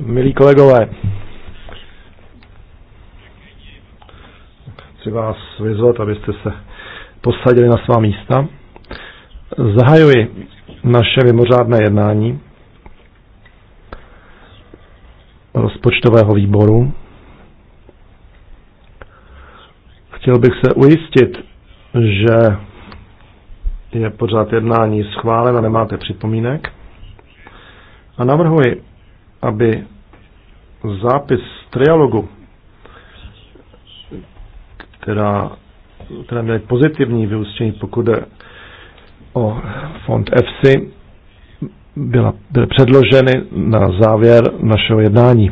Milí kolegové, chci vás vyzvat, abyste se posadili na svá místa. Zahajuji naše mimořádné jednání rozpočtového výboru. Chtěl bych se ujistit, že je pořád jednání schválen a nemáte připomínek. A navrhuji, aby zápis z trialogu, která, která měla pozitivní vyústění, pokud je o fond FC, byla, byly předloženy na závěr našeho jednání.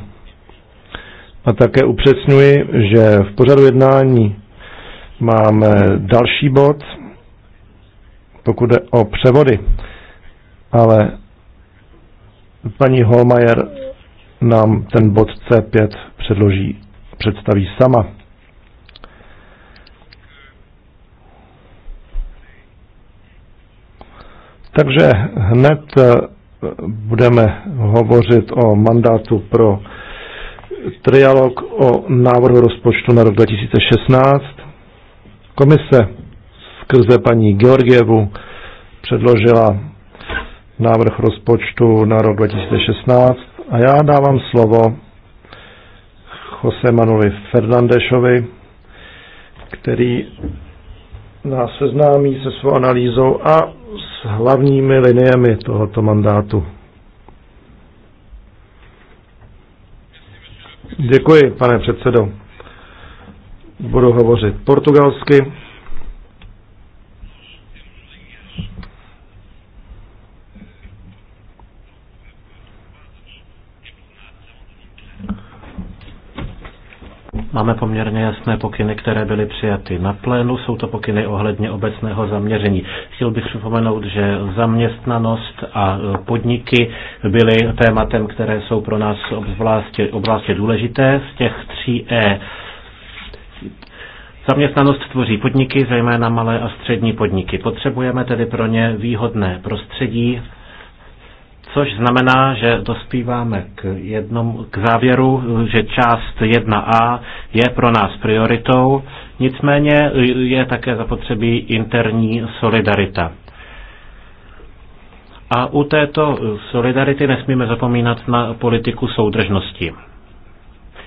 A také upřesňuji, že v pořadu jednání máme další bod, pokud je o převody, ale Paní Holmajer nám ten bod C5 předloží, představí sama. Takže hned eh, budeme hovořit o mandátu pro trialog o návrhu rozpočtu na rok 2016. Komise skrze paní Georgievu předložila návrh rozpočtu na rok 2016 a já dávám slovo Jose Manuli Fernandešovi, který nás seznámí se svou analýzou a s hlavními liniemi tohoto mandátu. Děkuji, pane předsedo. Budu hovořit portugalsky. Máme poměrně jasné pokyny, které byly přijaty na plénu. Jsou to pokyny ohledně obecného zaměření. Chtěl bych připomenout, že zaměstnanost a podniky byly tématem, které jsou pro nás obzvláště, obzvláště důležité. Z těch tří E Zaměstnanost tvoří podniky, zejména malé a střední podniky. Potřebujeme tedy pro ně výhodné prostředí, což znamená, že dospíváme k, jednom, k závěru, že část 1a je pro nás prioritou, nicméně je také zapotřebí interní solidarita. A u této solidarity nesmíme zapomínat na politiku soudržnosti.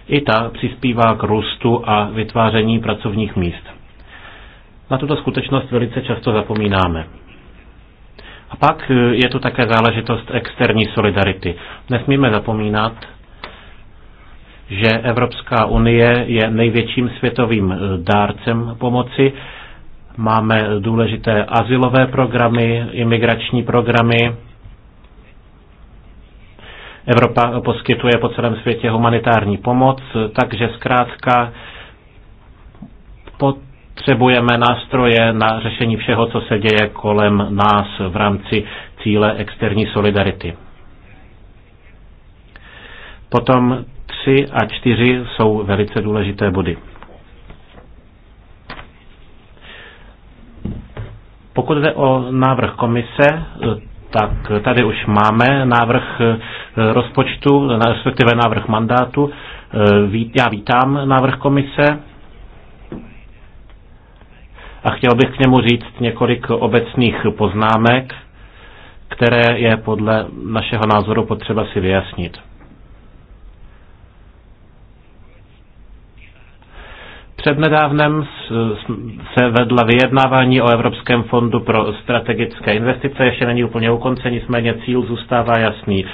I ta přispívá k růstu a vytváření pracovních míst. Na tuto skutečnost velice často zapomínáme. A pak e, je tu také záležitost externí solidarity. Nesmíme zapomínat, že Evropská unie je největším světovým e, dárcem pomoci. Máme důležité asilové programy, imigrační programy. Evropa poskytuje po celém světě humanitární pomoc, e, takže zkrátka po potřebujeme nástroje na řešení všeho, co se děje kolem nás v rámci cíle externí solidarity. Potom tři a čtyři jsou velice důležité body. Pokud jde o návrh komise, tak tady už máme návrh eh, rozpočtu, respektive návrh mandátu. Eh, já vítám návrh komise a chtěl bych k němu říct několik obecných poznámek, které je podle našeho názoru potřeba si vyjasnit. Přednedávnem se vedla vyjednávání o Evropském fondu pro strategické investice. Ještě není úplně u konce, nicméně cíl zůstává jasný.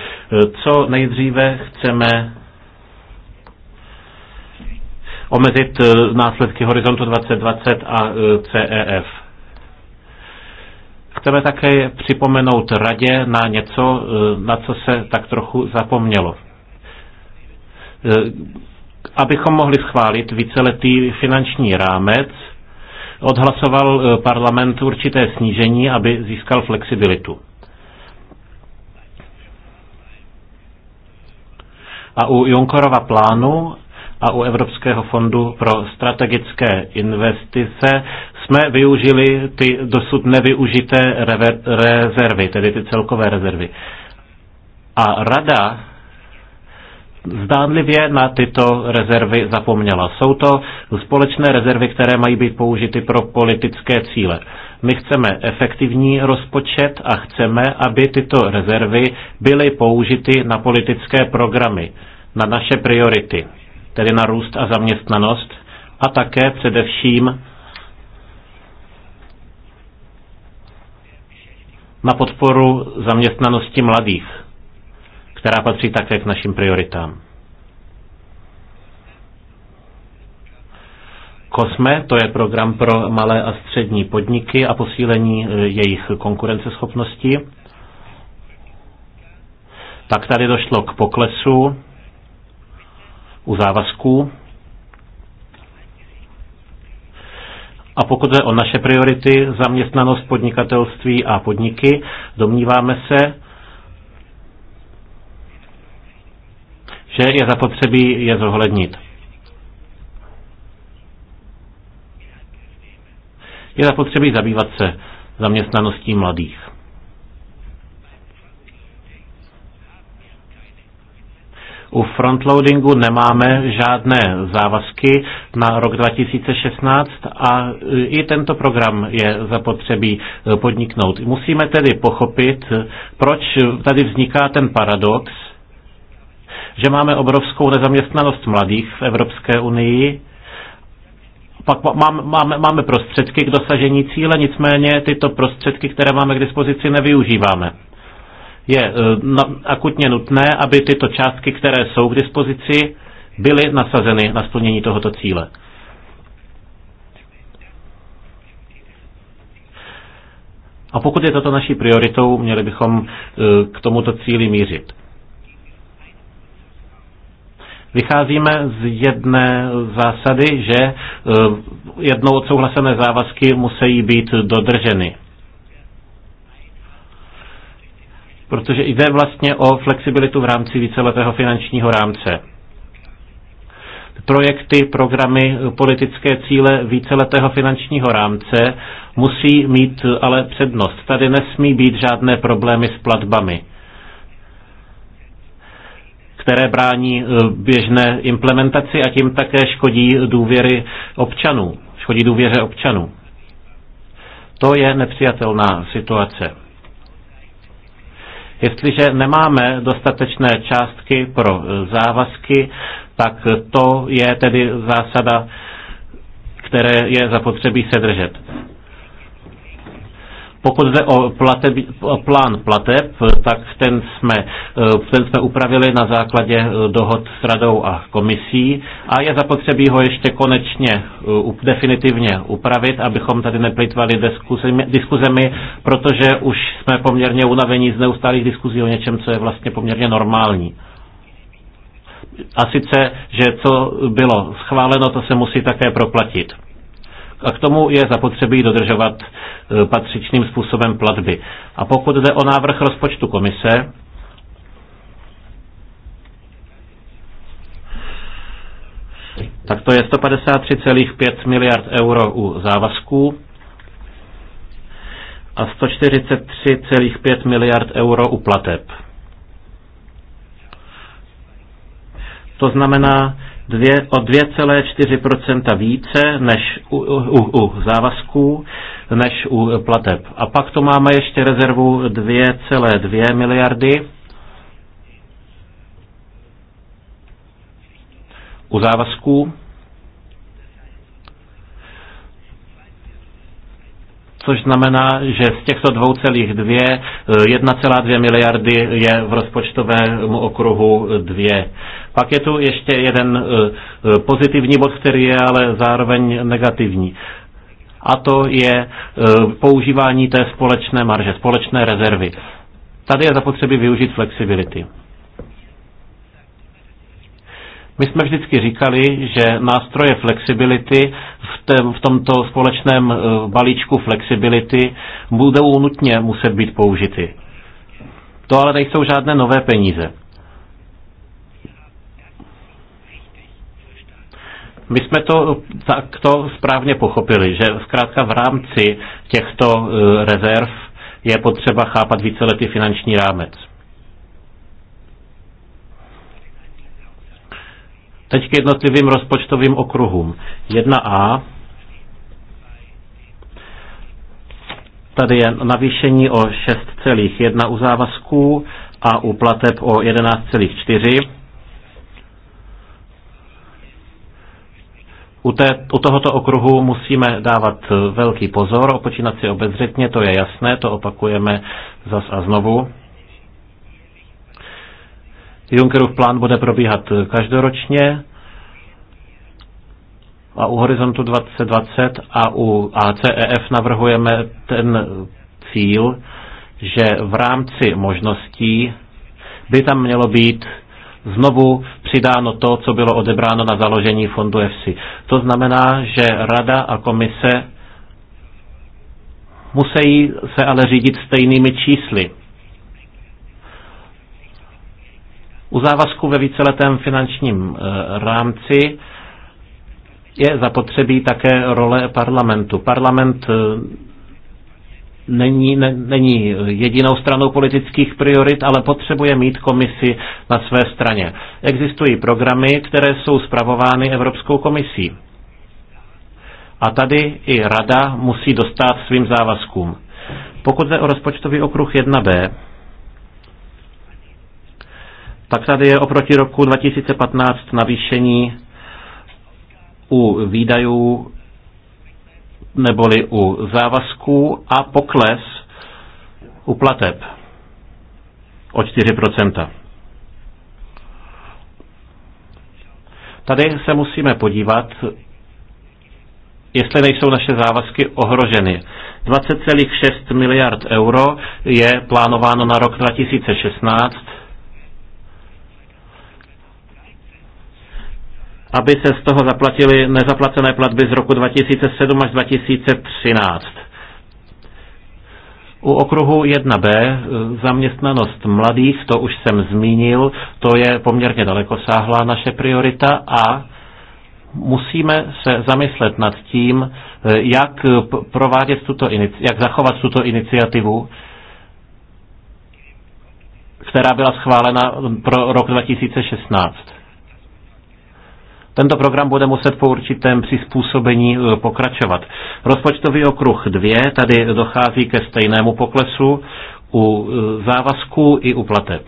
Co nejdříve chceme omezit eh, následky Horizontu 2020 a eh, CEF. Chceme také připomenout radě na něco, eh, na co se tak trochu zapomnělo. Abychom mohli schválit víceletý finanční rámec, odhlasoval parlament určité snížení, aby získal flexibilitu. A u Junkerova plánu a u Evropského fondu pro strategické investice jsme využili ty dosud nevyužité rezervy, tedy ty celkové rezervy. A rada zdánlivě na tyto rezervy zapomněla. Jsou to společné rezervy, které mají být použity pro politické cíle. My chceme efektivní rozpočet a chceme, aby tyto rezervy byly použity na politické programy, na naše priority tedy na růst a zaměstnanost, a také především na podporu zaměstnanosti mladých, která patří také k našim prioritám. COSME, to je program pro malé a střední podniky a posílení e, jejich konkurenceschopnosti. Tak tady došlo k poklesu u závazků. A pokud je o naše priority, zaměstnanost, podnikatelství a podniky, domníváme se, že je zapotřebí je zohlednit. Je zapotřebí zabývat se zaměstnaností mladých. U frontloadingu nemáme žádné závazky na rok 2016 a e, i tento program je zapotřebí e, podniknout. Musíme tedy pochopit, e, proč tady vzniká ten paradox, že máme obrovskou nezaměstnanost mladých v Evropské unii, pak máme, máme, prostředky k dosažení cíle, nicméně tyto prostředky, které máme k dispozici, nevyužíváme je eh, akutně nutné, aby tyto částky, které jsou k dispozici, byly nasazeny na splnění tohoto cíle. A pokud je toto naší prioritou, měli bychom eh, k tomuto cíli mířit. Vycházíme z jedné zásady, že eh, jednou odsouhlasené závazky musí být dodrženy. protože jde vlastně o flexibilitu v rámci víceletého finančního rámce. Projekty, programy, politické cíle víceletého finančního rámce musí mít ale přednost. Tady nesmí být žádné problémy s platbami které brání eh, běžné implementaci a tím také škodí důvěry občanů, škodí důvěře občanů. To je nepřijatelná situace. Jestliže nemáme dostatečné částky pro e, závazky, tak to je tedy zásada, které je zapotřebí se držet. Pokud jde o, plateb, o plán plateb, tak ten jsme, eh, ten jsme upravili na základě eh, dohod s radou a komisí a je zapotřebí ho ještě konečně eh, definitivně upravit, abychom tady neplitvali diskuzemi, diskuzemi, protože už jsme poměrně unavení z neustálých diskuzí o něčem, co je vlastně poměrně normální. A sice, že co bylo schváleno, to se musí také proplatit a k tomu je zapotřebí dodržovat e, patřičným způsobem platby. A pokud jde o návrh rozpočtu komise, tak to je 153,5 miliard euro u závazků a 143,5 miliard euro u plateb. To znamená, dvě, o 2,4% více než u, u, u závazků, než u plateb. A pak to máme ještě rezervu 2,2 miliardy u závazků, což znamená, že z těchto 2,2 1,2 eh, miliardy je v rozpočtovém okruhu 2. Pak je tu ještě jeden eh, eh, pozitivní bod, který je ale zároveň negativní. A to je eh, používání té společné marže, společné rezervy. Tady je zapotřebí využít flexibility. My jsme vždycky říkali, že nástroje flexibility v, v tomto společném balíčku flexibility budou nutně muset být použity. To ale nejsou žádné nové peníze. My jsme to uh, takto správně pochopili, že zkrátka v rámci těchto uh, rezerv je potřeba chápat víceletý finanční rámec. Teď k jednotlivým rozpočtovým okruhům. 1A. Tady je navýšení o 6,1 u závazků a u plateb o U, té, u tohoto okruhu musíme dávat eh, velký pozor, opočínat si obezřetně, to je jasné, to opakujeme zas a znovu. Junckerův plán bude probíhat eh, každoročně a u Horizontu 2020 a u ACEF navrhujeme ten cíl, že v rámci možností by tam mělo být znovu přidáno to, co bylo odebráno na založení fondu EFSI. To znamená, že rada a komise musí se ale řídit stejnými čísly. U závazku ve víceletém finančním eh, rámci je zapotřebí také role parlamentu. Parlament eh, není, ne, není jedinou stranou politických priorit, ale potřebuje mít komisi na své straně. Existují programy, které jsou zpravovány Evropskou komisí. A tady i Rada musí dostat svým závazkům. Pokud jde o rozpočtový okruh 1b, tak tady je oproti roku 2015 navýšení u výdajů neboli u závazků a pokles u plateb o 4%. Tady se musíme podívat, jestli nejsou naše závazky ohroženy. 20,6 miliard euro je plánováno na rok 2016 aby se z toho zaplatily nezaplacené platby z roku 2007 až 2013. U okruhu 1b eh, zaměstnanost mladých, to už jsem zmínil, to je poměrně dalekosáhlá naše priorita a musíme se zamyslet nad tím, eh, jak, provádět tuto, jak zachovat tuto iniciativu, která byla schválena pro rok 2016. Tento program bude muset po určitém přizpůsobení e, pokračovat. Rozpočtový okruh 2, tady dochází ke stejnému poklesu u e, závazků i u plateb.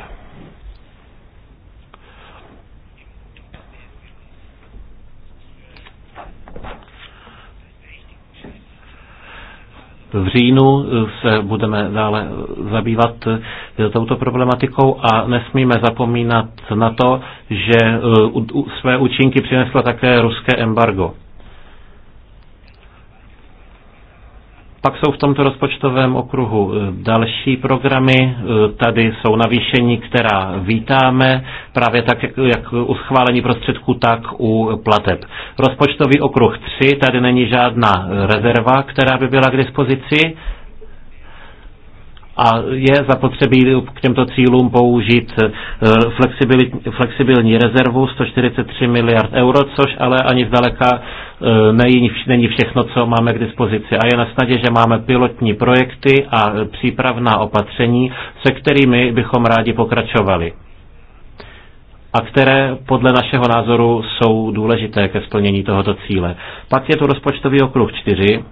V říjnu se budeme dále zabývat eh, touto problematikou a nesmíme zapomínat na to, že eh, své účinky přinesla také ruské embargo. Pak jsou v tomto rozpočtovém okruhu e, další programy. E, tady jsou navýšení, která vítáme, právě tak jak u schválení prostředků, tak u plateb. Rozpočtový okruh 3, tady není žádná rezerva, která by byla k dispozici a je zapotřebí k těmto cílům použít eh, flexibilní rezervu 143 miliard euro, což ale ani zdaleka eh, není všechno, co máme k dispozici. A je na snadě, že máme pilotní projekty a přípravná opatření, se kterými bychom rádi pokračovali a které podle našeho názoru jsou důležité ke splnění tohoto cíle. Pak je tu rozpočtový okruh 4,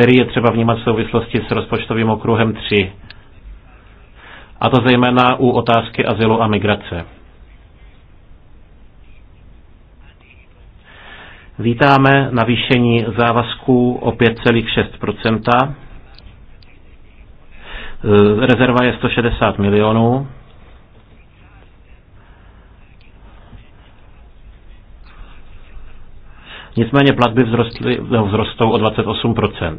který je třeba vnímat v souvislosti s rozpočtovým okruhem 3. A to zejména u otázky azylu a migrace. Vítáme navýšení závazků o 5,6 Rezerva je 160 milionů. Nicméně platby vzrostly, no, vzrostou o 28%.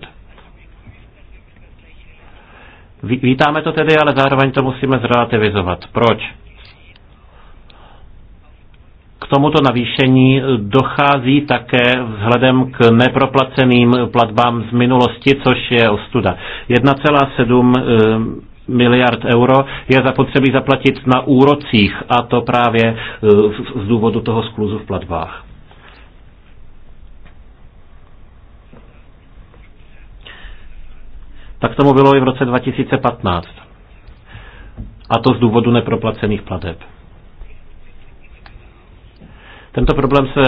Vítáme to tedy, ale zároveň to musíme zrelativizovat. Proč? K tomuto navýšení dochází také vzhledem k neproplaceným platbám z minulosti, což je ostuda. 1,7 eh, miliard euro je zapotřebí zaplatit na úrocích a to právě eh, z důvodu toho skluzu v platbách. Tak tomu bylo i v roce 2015. A to z důvodu neproplacených plateb. Tento problém se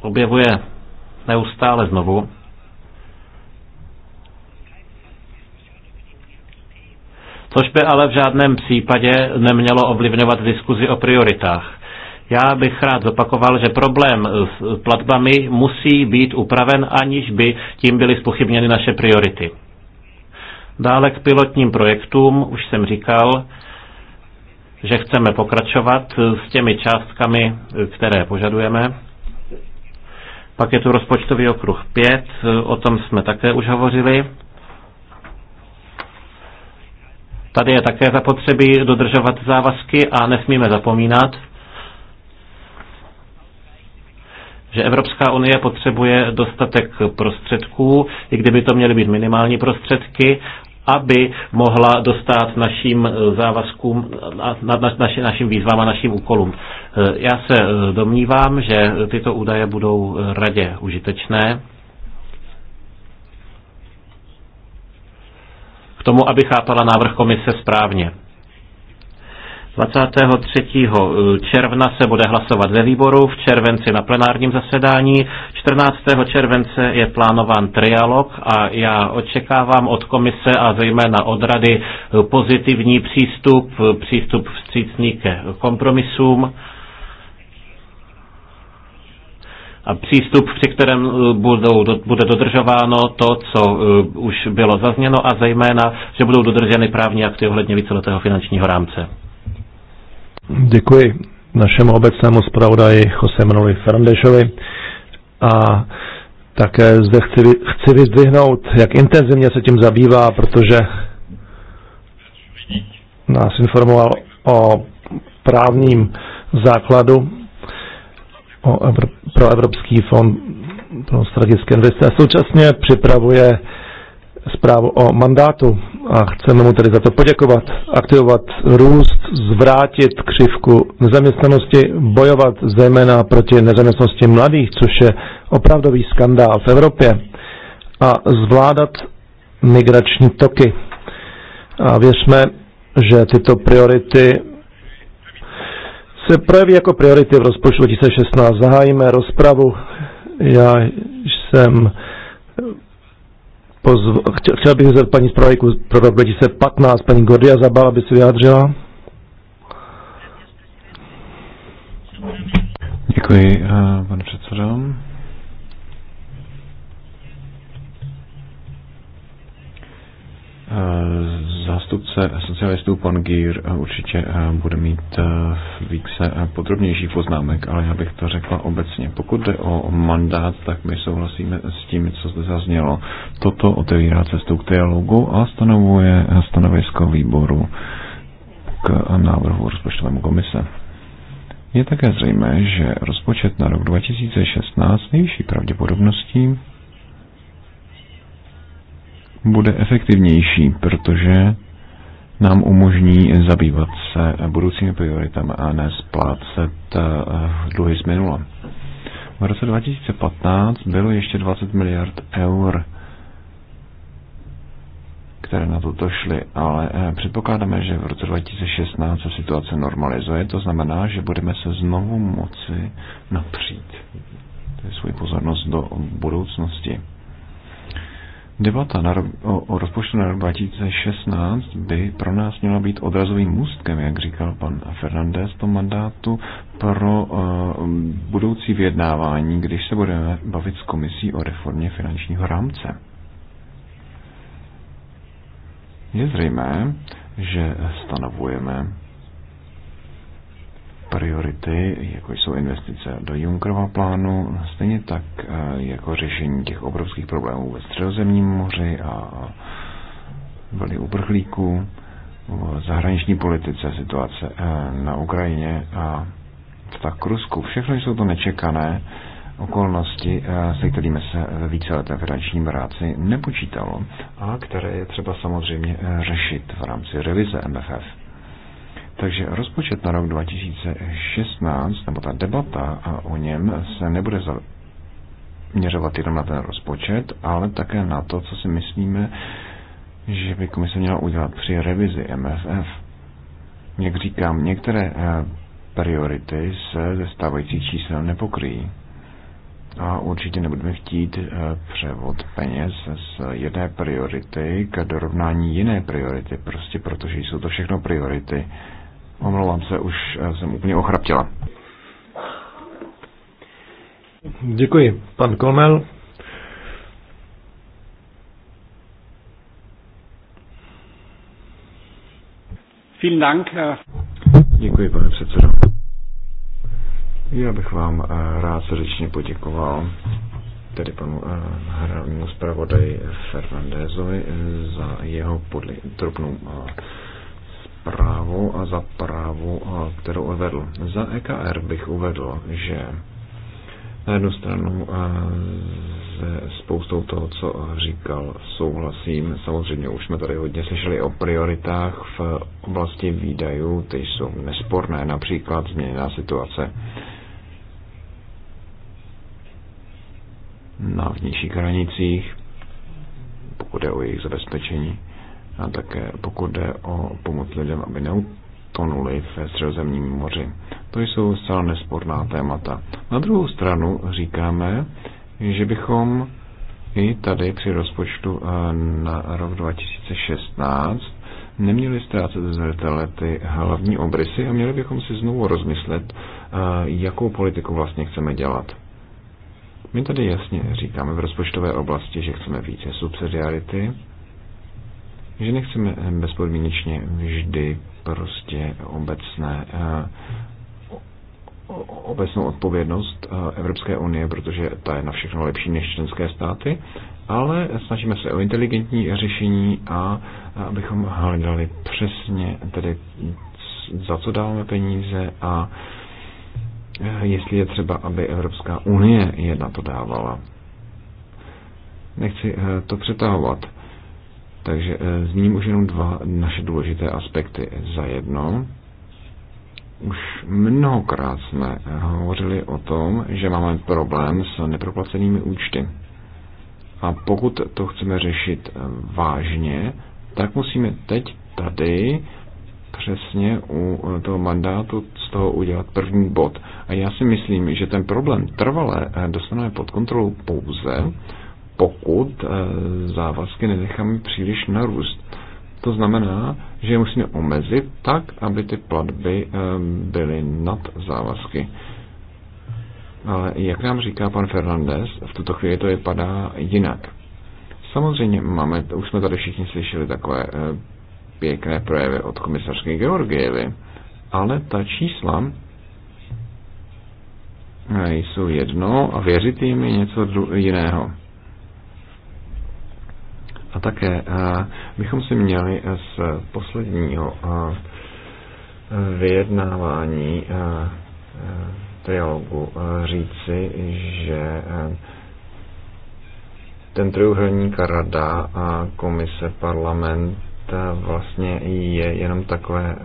objevuje neustále znovu. Což by ale v žádném případě nemělo ovlivňovat diskuzi o prioritách. Já bych rád zopakoval, že problém s platbami musí být upraven, aniž by tím byly spochybněny naše priority. Dále k pilotním projektům, už jsem říkal, že chceme pokračovat s těmi částkami, které požadujeme. Pak je tu rozpočtový okruh 5, o tom jsme také už hovořili. Tady je také zapotřebí dodržovat závazky a nesmíme zapomínat, že Evropská unie potřebuje dostatek prostředků, i kdyby to měly být minimální prostředky, aby mohla dostat našim eh, závazkům, na, na, naši, našim výzvám a našim úkolům. Eh, já se eh, domnívám, že tyto údaje budou radě užitečné. K tomu, aby chápala návrh komise správně. 23. Eh, června se bude hlasovat ve výboru, v červenci na plenárním zasedání. 14. července je plánován trialog a já očekávám od komise a zejména od rady pozitivní přístup, přístup vstřícný ke kompromisům a přístup, při kterém eh, budou, bude dodržováno to, co eh, už bylo zazněno a zejména, že budou dodrženy právní akty ohledně víceletého finančního rámce. Děkuji našemu obecnému zpravodaji Jose Manuli Ferndešovi a také zde chci, chci vyzdvihnout, jak intenzivně se tím zabývá, protože nás informoval o právním základu o, pro Evropský fond pro strategické investice a současně připravuje zprávu o mandátu a chceme mu tedy za to poděkovat, aktivovat růst, zvrátit křivku nezaměstnanosti, bojovat zejména proti nezaměstnanosti mladých, což je opravdový skandál v Evropě a zvládat migrační toky. A věřme, že tyto priority se projeví jako priority v rozpočtu 2016. Zahájíme rozpravu. Já jsem Pozv... Chtěl chtěl bych zeptat paní zpravodajku pro rok 2015, paní Gordia Zabal, aby se vyjádřila. Děkuji, uh, pane předsedo. Zástupce socialistů pan Gír eh, určitě eh, bude mít eh, více podrobnějších poznámek, ale já bych to řekla obecně. Pokud jde o mandát, tak my souhlasíme s tím, co zde zaznělo. Toto otevírá cestu k dialogu a stanovuje stanovisko výboru k návrhu rozpočtovému komise. Je také zřejmé, že rozpočet na rok 2016 nejvyšší pravděpodobností bude efektivnější, protože nám umožní zabývat se budoucími prioritami a splácet eh, dluhy z minula. V roce 2015 bylo ještě 20 miliard eur, které na to šly, ale eh, předpokládáme, že v roce 2016 se situace normalizuje, to znamená, že budeme se znovu moci napřít svou pozornost do budoucnosti. Debata na, o, o rozpočtu na rok 2016 by pro nás měla být odrazovým můstkem, jak říkal pan Fernandez, to mandátu pro uh, budoucí vyjednávání, když se budeme bavit s komisí o reformě finančního rámce. Je zřejmé, že stanovujeme priority, jako jsou investice do Junkrova plánu, stejně tak eh, jako řešení těch obrovských problémů ve středozemním moři a vlny uprchlíků, v zahraniční politice, situace eh, na Ukrajině a vztah k Rusku. Všechno jsou to nečekané okolnosti, eh, se kterými se ve víceletém finančním ráci nepočítalo a které je třeba samozřejmě řešit v rámci revize MFF. Takže rozpočet na rok 2016, nebo ta debata o něm se nebude měřovat jenom na ten rozpočet, ale také na to, co si myslíme, že by komise měla udělat při revizi MFF. Jak říkám, některé eh, priority se ze stávajících čísel nepokryjí. A určitě nebudeme chtít eh, převod peněz z jedné priority k dorovnání jiné priority, prostě protože jsou to všechno priority Omlouvám se, už eh, jsem úplně ochraptěla. Děkuji. Pan Kolmel. Vielen Dank. Děkuji, pane předsedo. Já bych vám eh, rád srdečně poděkoval, tedy panu eh, hlavnímu zpravodaji Fernandezovi, za jeho podli, drobnou právo a za právu, kterou uvedl Za EKR bych uvedl, že na jednu stranu se spoustou toho, co říkal, souhlasím. Samozřejmě už jsme tady hodně slyšeli o prioritách v oblasti výdajů, ty jsou nesporné, například změněná situace na vnějších hranicích, pokud je o jejich zabezpečení a také pokud jde o pomoc lidem, aby neutonuli ve středozemním moři. To jsou zcela nesporná témata. Na druhou stranu říkáme, že bychom i tady při rozpočtu eh, na rok 2016 neměli ztrácet zřetele ty hlavní obrysy a měli bychom si znovu rozmyslet, eh, jakou politiku vlastně chceme dělat. My tady jasně říkáme v rozpočtové oblasti, že chceme více subsidiarity, že nechceme eh, bezpodmínečně vždy prostě obecné eh, obecnou odpovědnost eh, Evropské unie, protože ta je na všechno lepší než členské státy, ale snažíme se o inteligentní řešení a abychom hledali přesně tedy za co dáváme peníze a jestli je třeba, aby Evropská unie je na to dávala. Nechci to přetahovat takže eh, zmíním už jenom dva naše důležité aspekty za jedno. Už mnohokrát jsme eh, hovořili o tom, že máme problém s neproplacenými účty. A pokud to chceme řešit eh, vážně, tak musíme teď tady přesně u toho mandátu z toho udělat první bod. A já si myslím, že ten problém trvale dostaneme pod kontrolu pouze, pokud eh, závazky nenecháme příliš narůst. To znamená, že je musíme omezit tak, aby ty platby eh, byly nad závazky. Ale jak nám říká pan Fernandez, v tuto chvíli to vypadá jinak. Samozřejmě máme, už jsme tady všichni slyšeli takové eh, pěkné projevy od komisařské Georgievy, ale ta čísla jsou jedno a věřit jim je něco jiného. A také eh, bychom si měli eh, z posledního eh, vyjednávání trialogu říci, že ten trojuhelník rada a komise parlament vlastně je jenom takové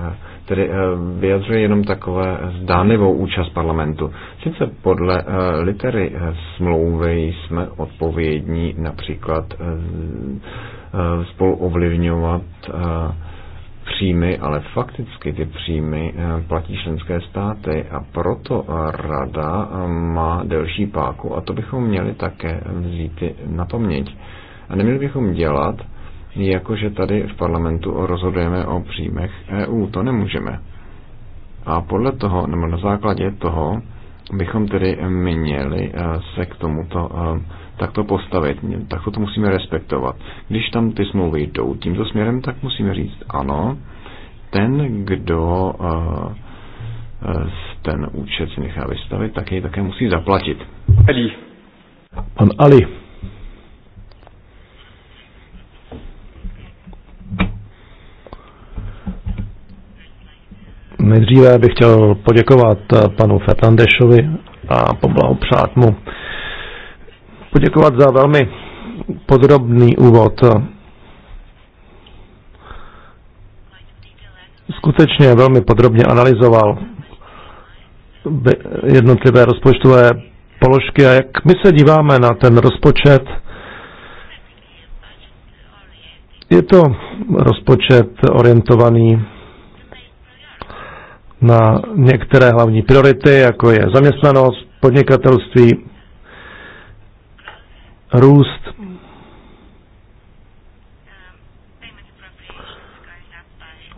tedy eh, vyjadřuje jenom takové zdánlivou účast parlamentu. Sice podle eh, litery eh, smlouvy jsme odpovědní například spolu ovlivňovat příjmy, ale fakticky ty příjmy platí členské státy a proto rada má delší páku a to bychom měli také vzít na paměť. A neměli bychom dělat, jakože tady v parlamentu rozhodujeme o příjmech EU. To nemůžeme. A podle toho, nebo na základě toho, bychom tedy měli eh, se k tomuto eh, takto postavit. tak to musíme respektovat. Když tam ty smlouvy jdou tímto směrem, tak musíme říct ano, ten, kdo eh, ten účet si nechá vystavit, tak jej také musí zaplatit. Ali. Pan Ali. Nejdříve bych chtěl poděkovat eh, panu Fernandešovi a poblahopřát mu. Poděkovat za velmi podrobný úvod. Skutečně velmi podrobně analyzoval jednotlivé rozpočtové položky a jak my se díváme na ten rozpočet, je to rozpočet orientovaný na některé hlavní priority, jako je zaměstnanost, podnikatelství, růst,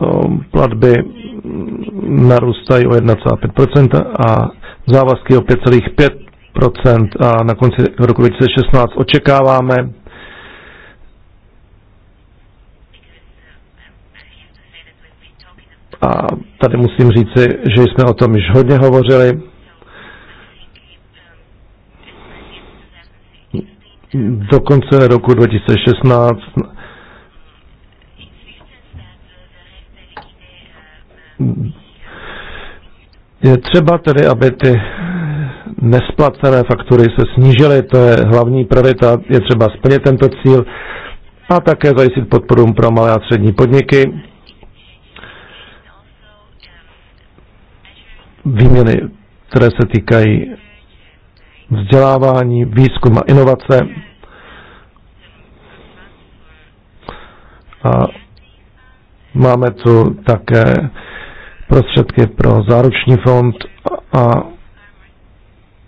ehm, platby narůstají o 1,5% a závazky o 5,5% a na konci roku 2016 očekáváme A tady musím říci, že jsme o tom již hodně hovořili. Do konce roku 2016 je třeba tedy, aby ty nesplacené faktury se snížily, to je hlavní priorita, je třeba splnit tento cíl a také zajistit podporu pro malé a střední podniky. výměny, které se týkají vzdělávání, výzkum a inovace. A máme tu také prostředky pro záruční fond a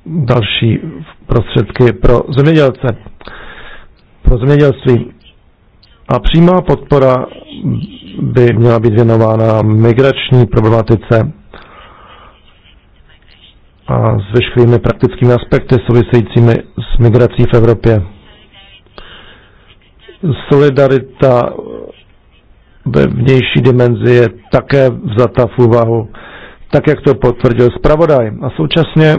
další prostředky pro zemědělce, pro zemědělství. A přímá podpora by měla být věnována migrační problematice a s veškerými praktickými aspekty souvisejícími s migrací v Evropě. Solidarita ve vnější dimenzi je také vzata v úvahu, tak jak to potvrdil zpravodaj. A současně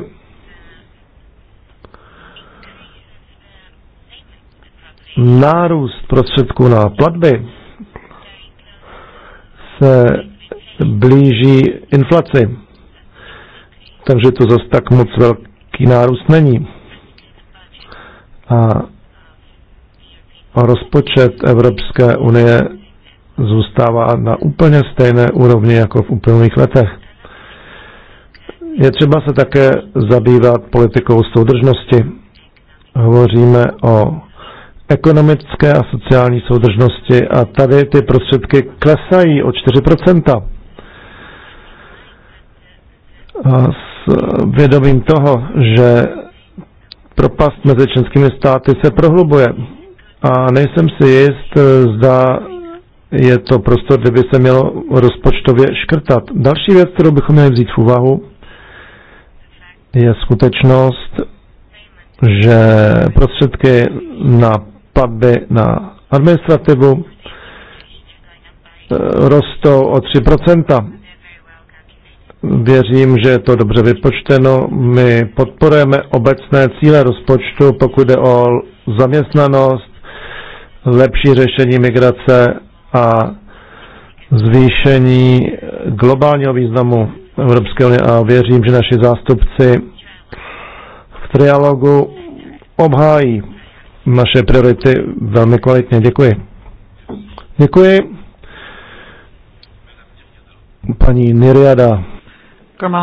nárůst prostředků na platby se blíží inflaci takže to zase tak moc velký nárůst není. A rozpočet Evropské unie zůstává na úplně stejné úrovni jako v úplných letech. Je třeba se také zabývat politikou soudržnosti. Hovoříme o ekonomické a sociální soudržnosti a tady ty prostředky klesají o 4%. A vědomím toho, že propast mezi členskými státy se prohlubuje. A nejsem si jist, zda je to prostor, kde by se mělo rozpočtově škrtat. Další věc, kterou bychom měli vzít v úvahu, je skutečnost, že prostředky na platby na administrativu eh, rostou o 3%. Věřím, že je to dobře vypočteno. My podporujeme obecné cíle rozpočtu, pokud jde o zaměstnanost, lepší řešení migrace a zvýšení globálního významu Evropské unie a věřím, že naši zástupci v trialogu obhájí naše priority velmi kvalitně. Děkuji. Děkuji. Paní Niriada. Um,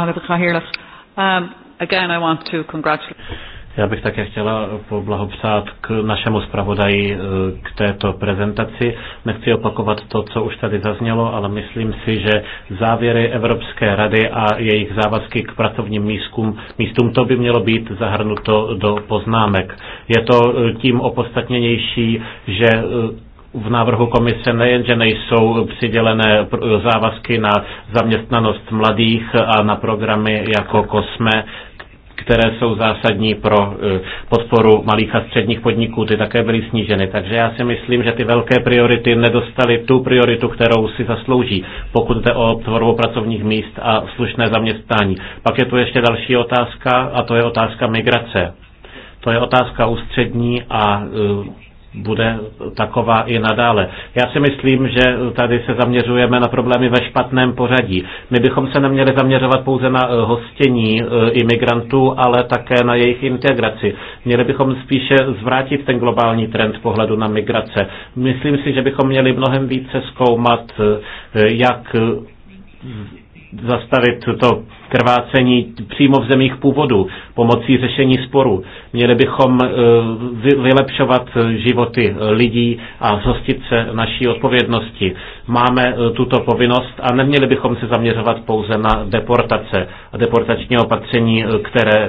Já bych také chtěla poblahopřát k našemu zpravodaji eh, k této prezentaci. Nechci opakovat to, co už tady zaznělo, ale myslím si, že závěry Evropské rady a jejich závazky k pracovním místům, místům to by mělo být zahrnuto do poznámek. Je to eh, tím opodstatněnější, že eh, v návrhu komise nejen, že nejsou přidělené závazky na zaměstnanost mladých a na programy jako COSME, které jsou zásadní pro e, podporu malých a středních podniků, ty také byly sníženy. Takže já si myslím, že ty velké priority nedostaly tu prioritu, kterou si zaslouží, pokud jde o tvorbu pracovních míst a slušné zaměstnání. Pak je tu ještě další otázka a to je otázka migrace. To je otázka ústřední a e, bude taková i nadále. Já si myslím, že tady se zaměřujeme na problémy ve špatném pořadí. My bychom se neměli zaměřovat pouze na eh, hostění eh, imigrantů, ale také na jejich integraci. Měli bychom spíše zvrátit ten globální trend pohledu na migrace. Myslím si, že bychom měli mnohem více zkoumat, eh, jak zastavit to krvácení přímo v zemích původu, pomocí řešení sporů. Měli bychom eh, vylepšovat životy lidí a zhostit se naší odpovědnosti. Máme eh, tuto povinnost a neměli bychom se zaměřovat pouze na deportace a deportační opatření, eh, které,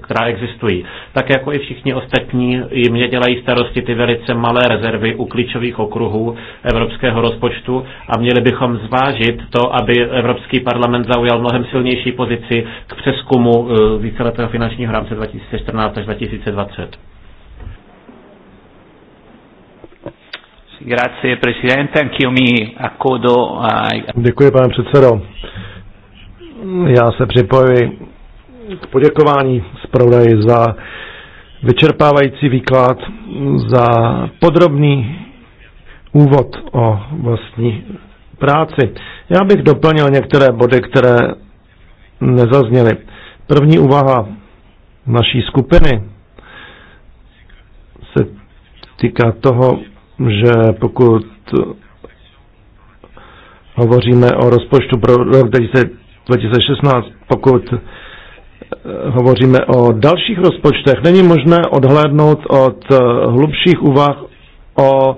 která existují. Tak jako i všichni ostatní, i mě dělají starosti ty velice malé rezervy u klíčových okruhů evropského rozpočtu a měli bychom zvážit to, aby Evropský parlament zaujal mnohem silnější silnější pozici k přeskumu eh, víceletého finančního rámce 2014 až 2020. Grazie Presidente, anch'io mi accodo Děkuji, pane předsedo. Já se připojuji k poděkování zpravodaji za vyčerpávající výklad, za podrobný úvod o vlastní práci. Já bych doplnil některé body, které nezazněly. První úvaha naší skupiny se týká toho, že pokud hovoříme o rozpočtu pro rok 2016, pokud eh, hovoříme o dalších rozpočtech, není možné odhlédnout od eh, hlubších úvah o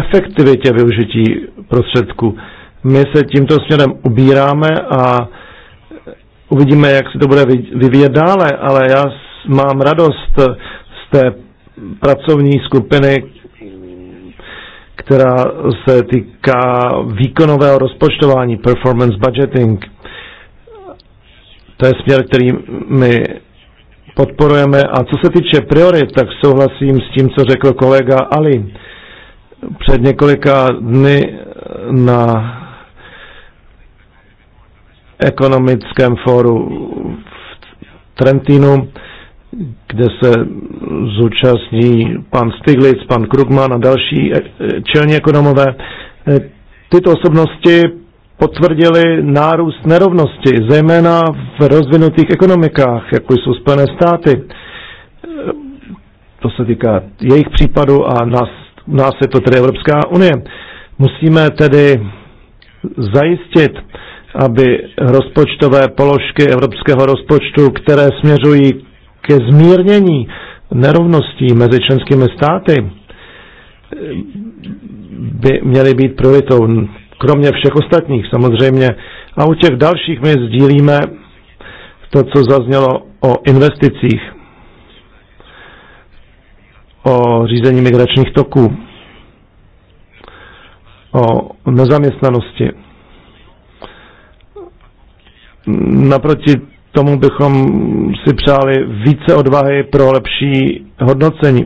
efektivitě využití prostředků. My se tímto směrem ubíráme a Uvidíme, jak se to bude vyvíjet dále, ale já mám radost z té pracovní skupiny, která se týká výkonového rozpočtování, performance budgeting. To je směr, který my podporujeme. A co se týče priorit, tak souhlasím s tím, co řekl kolega Ali. Před několika dny na ekonomickém fóru v Trentinu, kde se zúčastní pan Stiglitz, pan Krugman a další e, čelní ekonomové. E, tyto osobnosti potvrdili nárůst nerovnosti, zejména v rozvinutých ekonomikách, jako jsou Spojené státy. E, to se týká jejich případu a nás, nás je to tedy Evropská unie. Musíme tedy zajistit, aby rozpočtové položky evropského rozpočtu, které směřují ke zmírnění nerovností mezi členskými státy, by měly být prioritou, kromě všech ostatních samozřejmě. A u těch dalších my sdílíme to, co zaznělo o investicích, o řízení migračních toků, o nezaměstnanosti. Naproti tomu bychom si přáli více odvahy pro lepší hodnocení.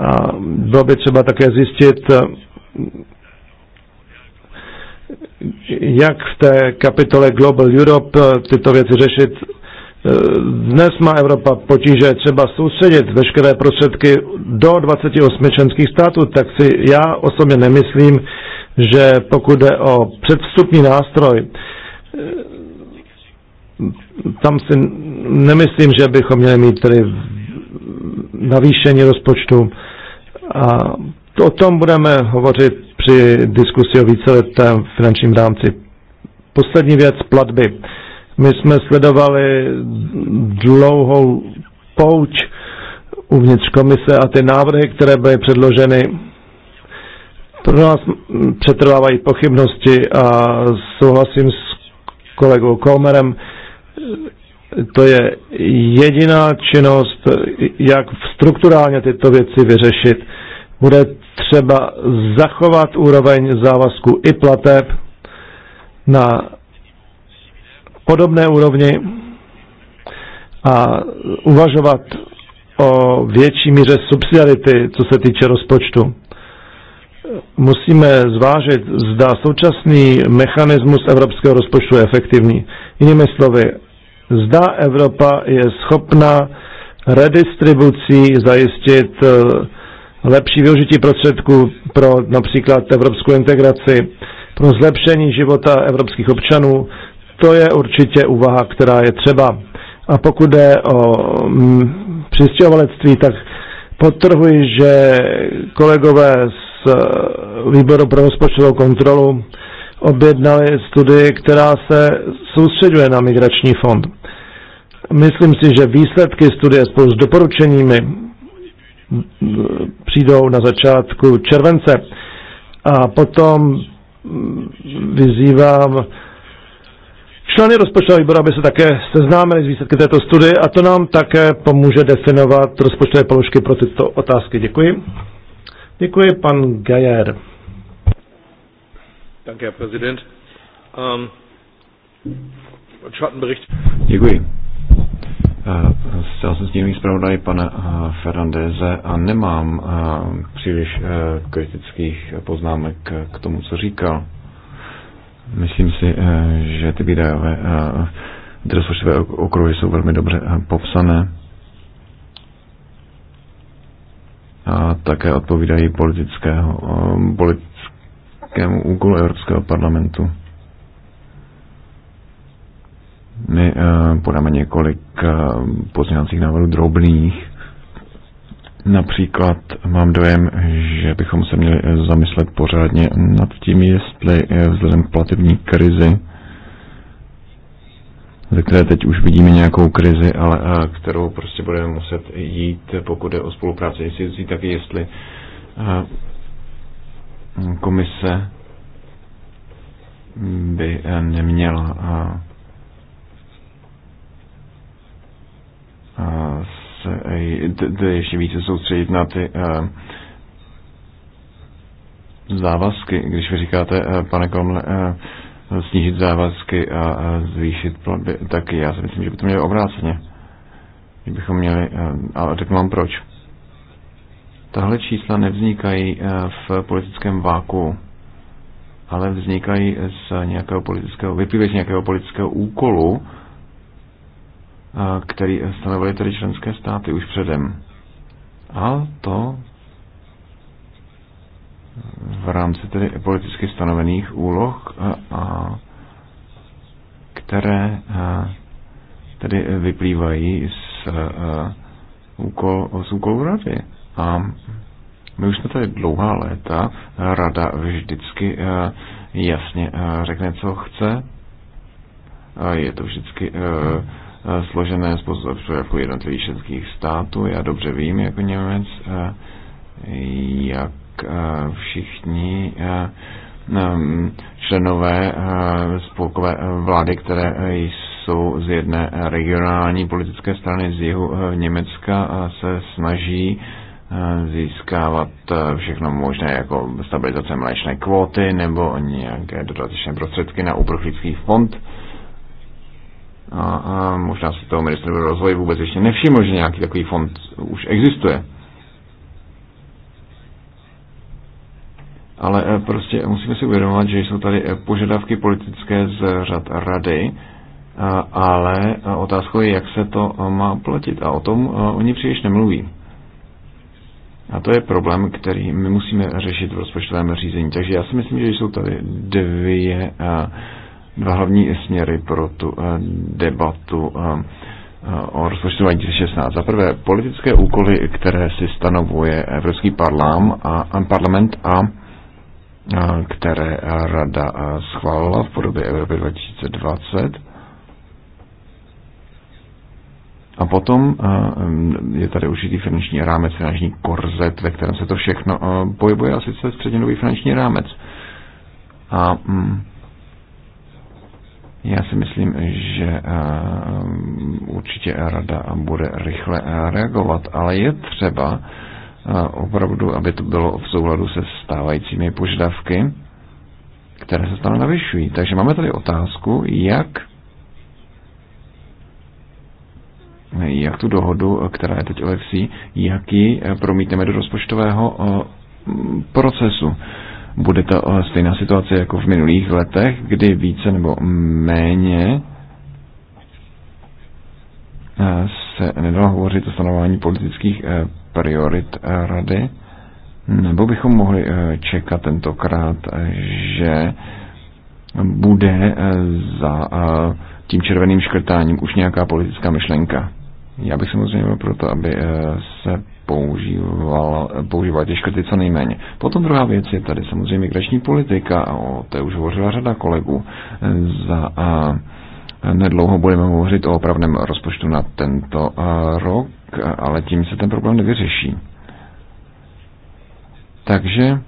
A bylo by třeba také zjistit, jak v té kapitole Global Europe tyto věci řešit. Dnes má Evropa potíže třeba soustředit veškeré prostředky do 28 členských států, tak si já osobně nemyslím, že pokud jde o předstupní nástroj, tam si nemyslím, že bychom měli mít tedy navýšení rozpočtu a o tom budeme hovořit při diskusi o víceletém finančním rámci. Poslední věc, platby. My jsme sledovali dlouhou pouč uvnitř komise a ty návrhy, které byly předloženy, pro nás přetrvávají pochybnosti a souhlasím s kolegou Kolmerem, to je jediná činnost, jak strukturálně tyto věci vyřešit. Bude třeba zachovat úroveň závazku i plateb na podobné úrovni a uvažovat o větší míře subsidiarity, co se týče rozpočtu. Musíme zvážit, zda současný mechanismus evropského rozpočtu je efektivní. Jinými slovy, zda Evropa je schopna redistribucí zajistit eh, lepší využití prostředků pro například evropskou integraci, pro zlepšení života evropských občanů. To je určitě úvaha, která je třeba. A pokud jde o mm, přistěhovalectví, tak potrhuji, že kolegové z eh, výboru pro rozpočtovou kontrolu objednali studii, která se soustředuje na migrační fond. Myslím si, že výsledky studie spolu s doporučeními eh, přijdou na začátku července a potom mm, vyzývám členy rozpočtového výboru, aby se také seznámili s výsledky této studie a to nám také pomůže definovat rozpočtové položky pro tyto otázky. Děkuji. Děkuji, pan Gajer. Danke, Herr Präsident. Ähm, Schattenbericht. Děkuji. Stal eh, jsem sněmový zpravodaj pana eh, Ferrandéze a nemám eh, příliš kritických poznámek k tomu, co říkal. Myslím si, že ty výdajové ty rozpočtové okruhy jsou velmi dobře popsané a také odpovídají politického, polit, politickému úkolu Evropského parlamentu. My eh, podáme několik eh, pozměňovacích návrhů drobných. Například mám dojem, že bychom se měli eh, zamyslet pořádně nad tím, jestli vzhledem k platební krizi, ze které teď už vidíme nějakou krizi, ale kterou prostě budeme muset jít, pokud je o spolupráci institucí, tak jestli komise by eh, neměla eh, eh, se ještě více soustředit na ty závazky, když vy říkáte, pane Komle, snížit závazky a zvýšit platby, tak já si myslím, že by to mělo obráceně. Kdybychom měli, ale tak mám proč. Tahle čísla nevznikají eh, v politickém váku, ale vznikají z nějakého politického, vyplývají z nějakého politického úkolu, eh, který stanovily tedy členské státy už předem. A to v rámci tedy politicky stanovených úloh, a, eh, a, které a, tedy vyplývají z, a, úkol, z úkolů rady. A my už jsme tady dlouhá léta, rada vždycky eh, jasně eh, řekne, co chce. Je to vždycky eh, složené z jako jednotlivých členských států. Já dobře vím jako Němec, jak všichni členové spolkové vlády, které jsou z jedné regionální politické strany z jihu Německa, se snaží Eh, získávat eh, všechno možné jako stabilizace mléčné kvóty nebo nějaké dodatečné prostředky na uprchlický fond. A, a možná si toho ministr rozvoje vůbec ještě nevšiml, že nějaký takový fond už existuje. Ale eh, prostě musíme si uvědomovat, že jsou tady požadavky politické z řad rady, ale otázkou je, jak se to má platit. A o tom oni příliš nemluví. A to je problém, který my musíme řešit v rozpočtovém řízení. Takže já si myslím, že jsou tady dvě, dva hlavní směry pro tu debatu o rozpočtování 2016. Za prvé politické úkoly, které si stanovuje Evropský parlament a, parlament a které rada schválila v podobě Evropy 2020 a potom eh, je tady určitý finanční rámec, finanční korzet, ve kterém se to všechno eh, pohybuje, a sice střednědobý finanční rámec. A mm, já si myslím, že eh, určitě rada bude rychle reagovat, ale je třeba opravdu, aby to bylo v souladu se stávajícími požadavky, které se stále navyšují. Takže máme tady otázku, jak jak tu dohodu, která je teď o FC, jak ji eh, promítneme do rozpočtového eh, procesu. Bude to eh, stejná situace jako v minulých letech, kdy více nebo méně se nedalo hovořit o stanování politických priorit rady, nebo bychom mohli čekat tentokrát, že bude za tím červeným škrtáním už nějaká politická myšlenka. Já bych samozřejmě byl proto, aby eh, se používal, používal ty škrty co nejméně. Potom druhá věc je tady samozřejmě migrační politika, a o té už hovořila řada kolegů. Za, a, eh, nedlouho budeme hovořit o opravném rozpočtu na tento eh, rok, ale tím se ten problém nevyřeší. Takže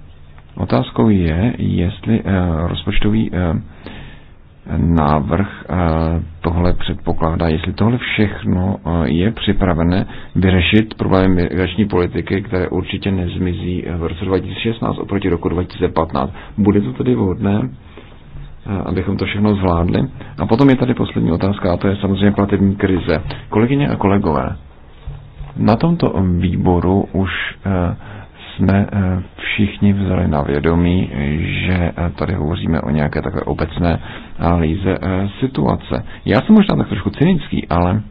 otázkou je, jestli rozpočtový návrh tohle předpokládá. Jestli tohle všechno je připravené vyřešit problémy migrační politiky, které určitě nezmizí v roce 2016 oproti roku 2015, bude to tedy vhodné, abychom to všechno zvládli? A potom je tady poslední otázka, a to je samozřejmě platební krize. Kolegyně a kolegové, na tomto výboru už jsme eh, všichni vzali na vědomí, že eh, tady hovoříme o nějaké takové obecné analýze eh, situace. Já jsem možná tak trošku cynický, ale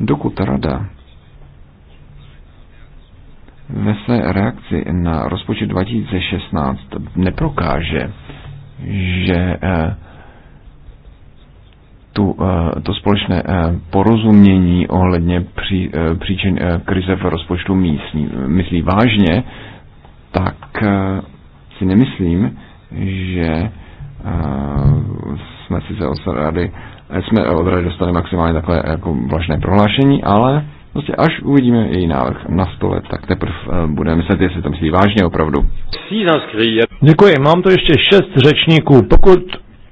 dokud rada ve své reakci na rozpočet 2016 neprokáže, že eh, tu, eh, to společné eh, porozumění ohledně pří, eh, příčin krize v rozpočtu místní myslí vážně, tak si nemyslím, že jsme si se rady, jsme od dostali maximálně takové jako vlažné prohlášení, ale prostě až uvidíme její návrh na stole, tak teprve budeme myslet, jestli to myslí vážně opravdu. Děkuji, mám tu ještě šest řečníků. Pokud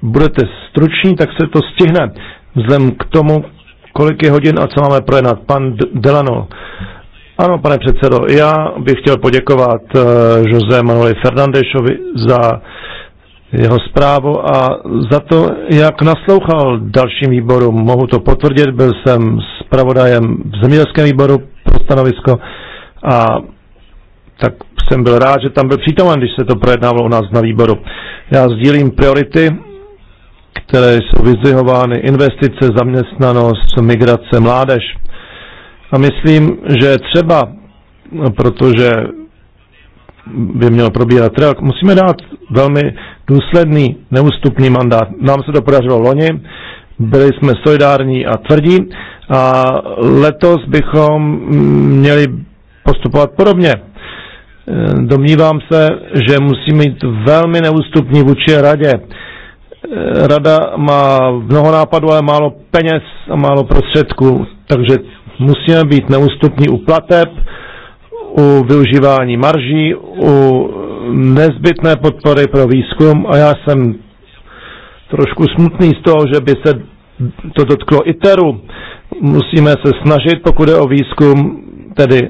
budete struční, tak se to stihne. Vzhledem k tomu, kolik je hodin a co máme projednat. Pan Delano. Ano, pane předsedo, já bych chtěl poděkovat eh, Jose Manuel Fernandešovi za jeho zprávu a za to, jak naslouchal dalším výborům. Mohu to potvrdit, byl jsem zpravodajem v zemědělském výboru pro stanovisko a tak jsem byl rád, že tam byl přítomen, když se to projednávalo u nás na výboru. Já sdílím priority které jsou vyzvihovány investice, zaměstnanost, migrace, mládež. A myslím, že třeba, protože by měl probírat trh, musíme dát velmi důsledný, neústupný mandát. Nám se to podařilo loni, byli jsme solidární a tvrdí a letos bychom měli postupovat podobně. Domnívám se, že musíme mít velmi neústupní vůči radě rada má mnoho nápadů, ale málo peněz a málo prostředků, takže musíme být neústupní u plateb, u využívání marží, u nezbytné podpory pro výzkum a já jsem trošku smutný z toho, že by se to dotklo ITERu. Musíme se snažit, pokud je o výzkum, tedy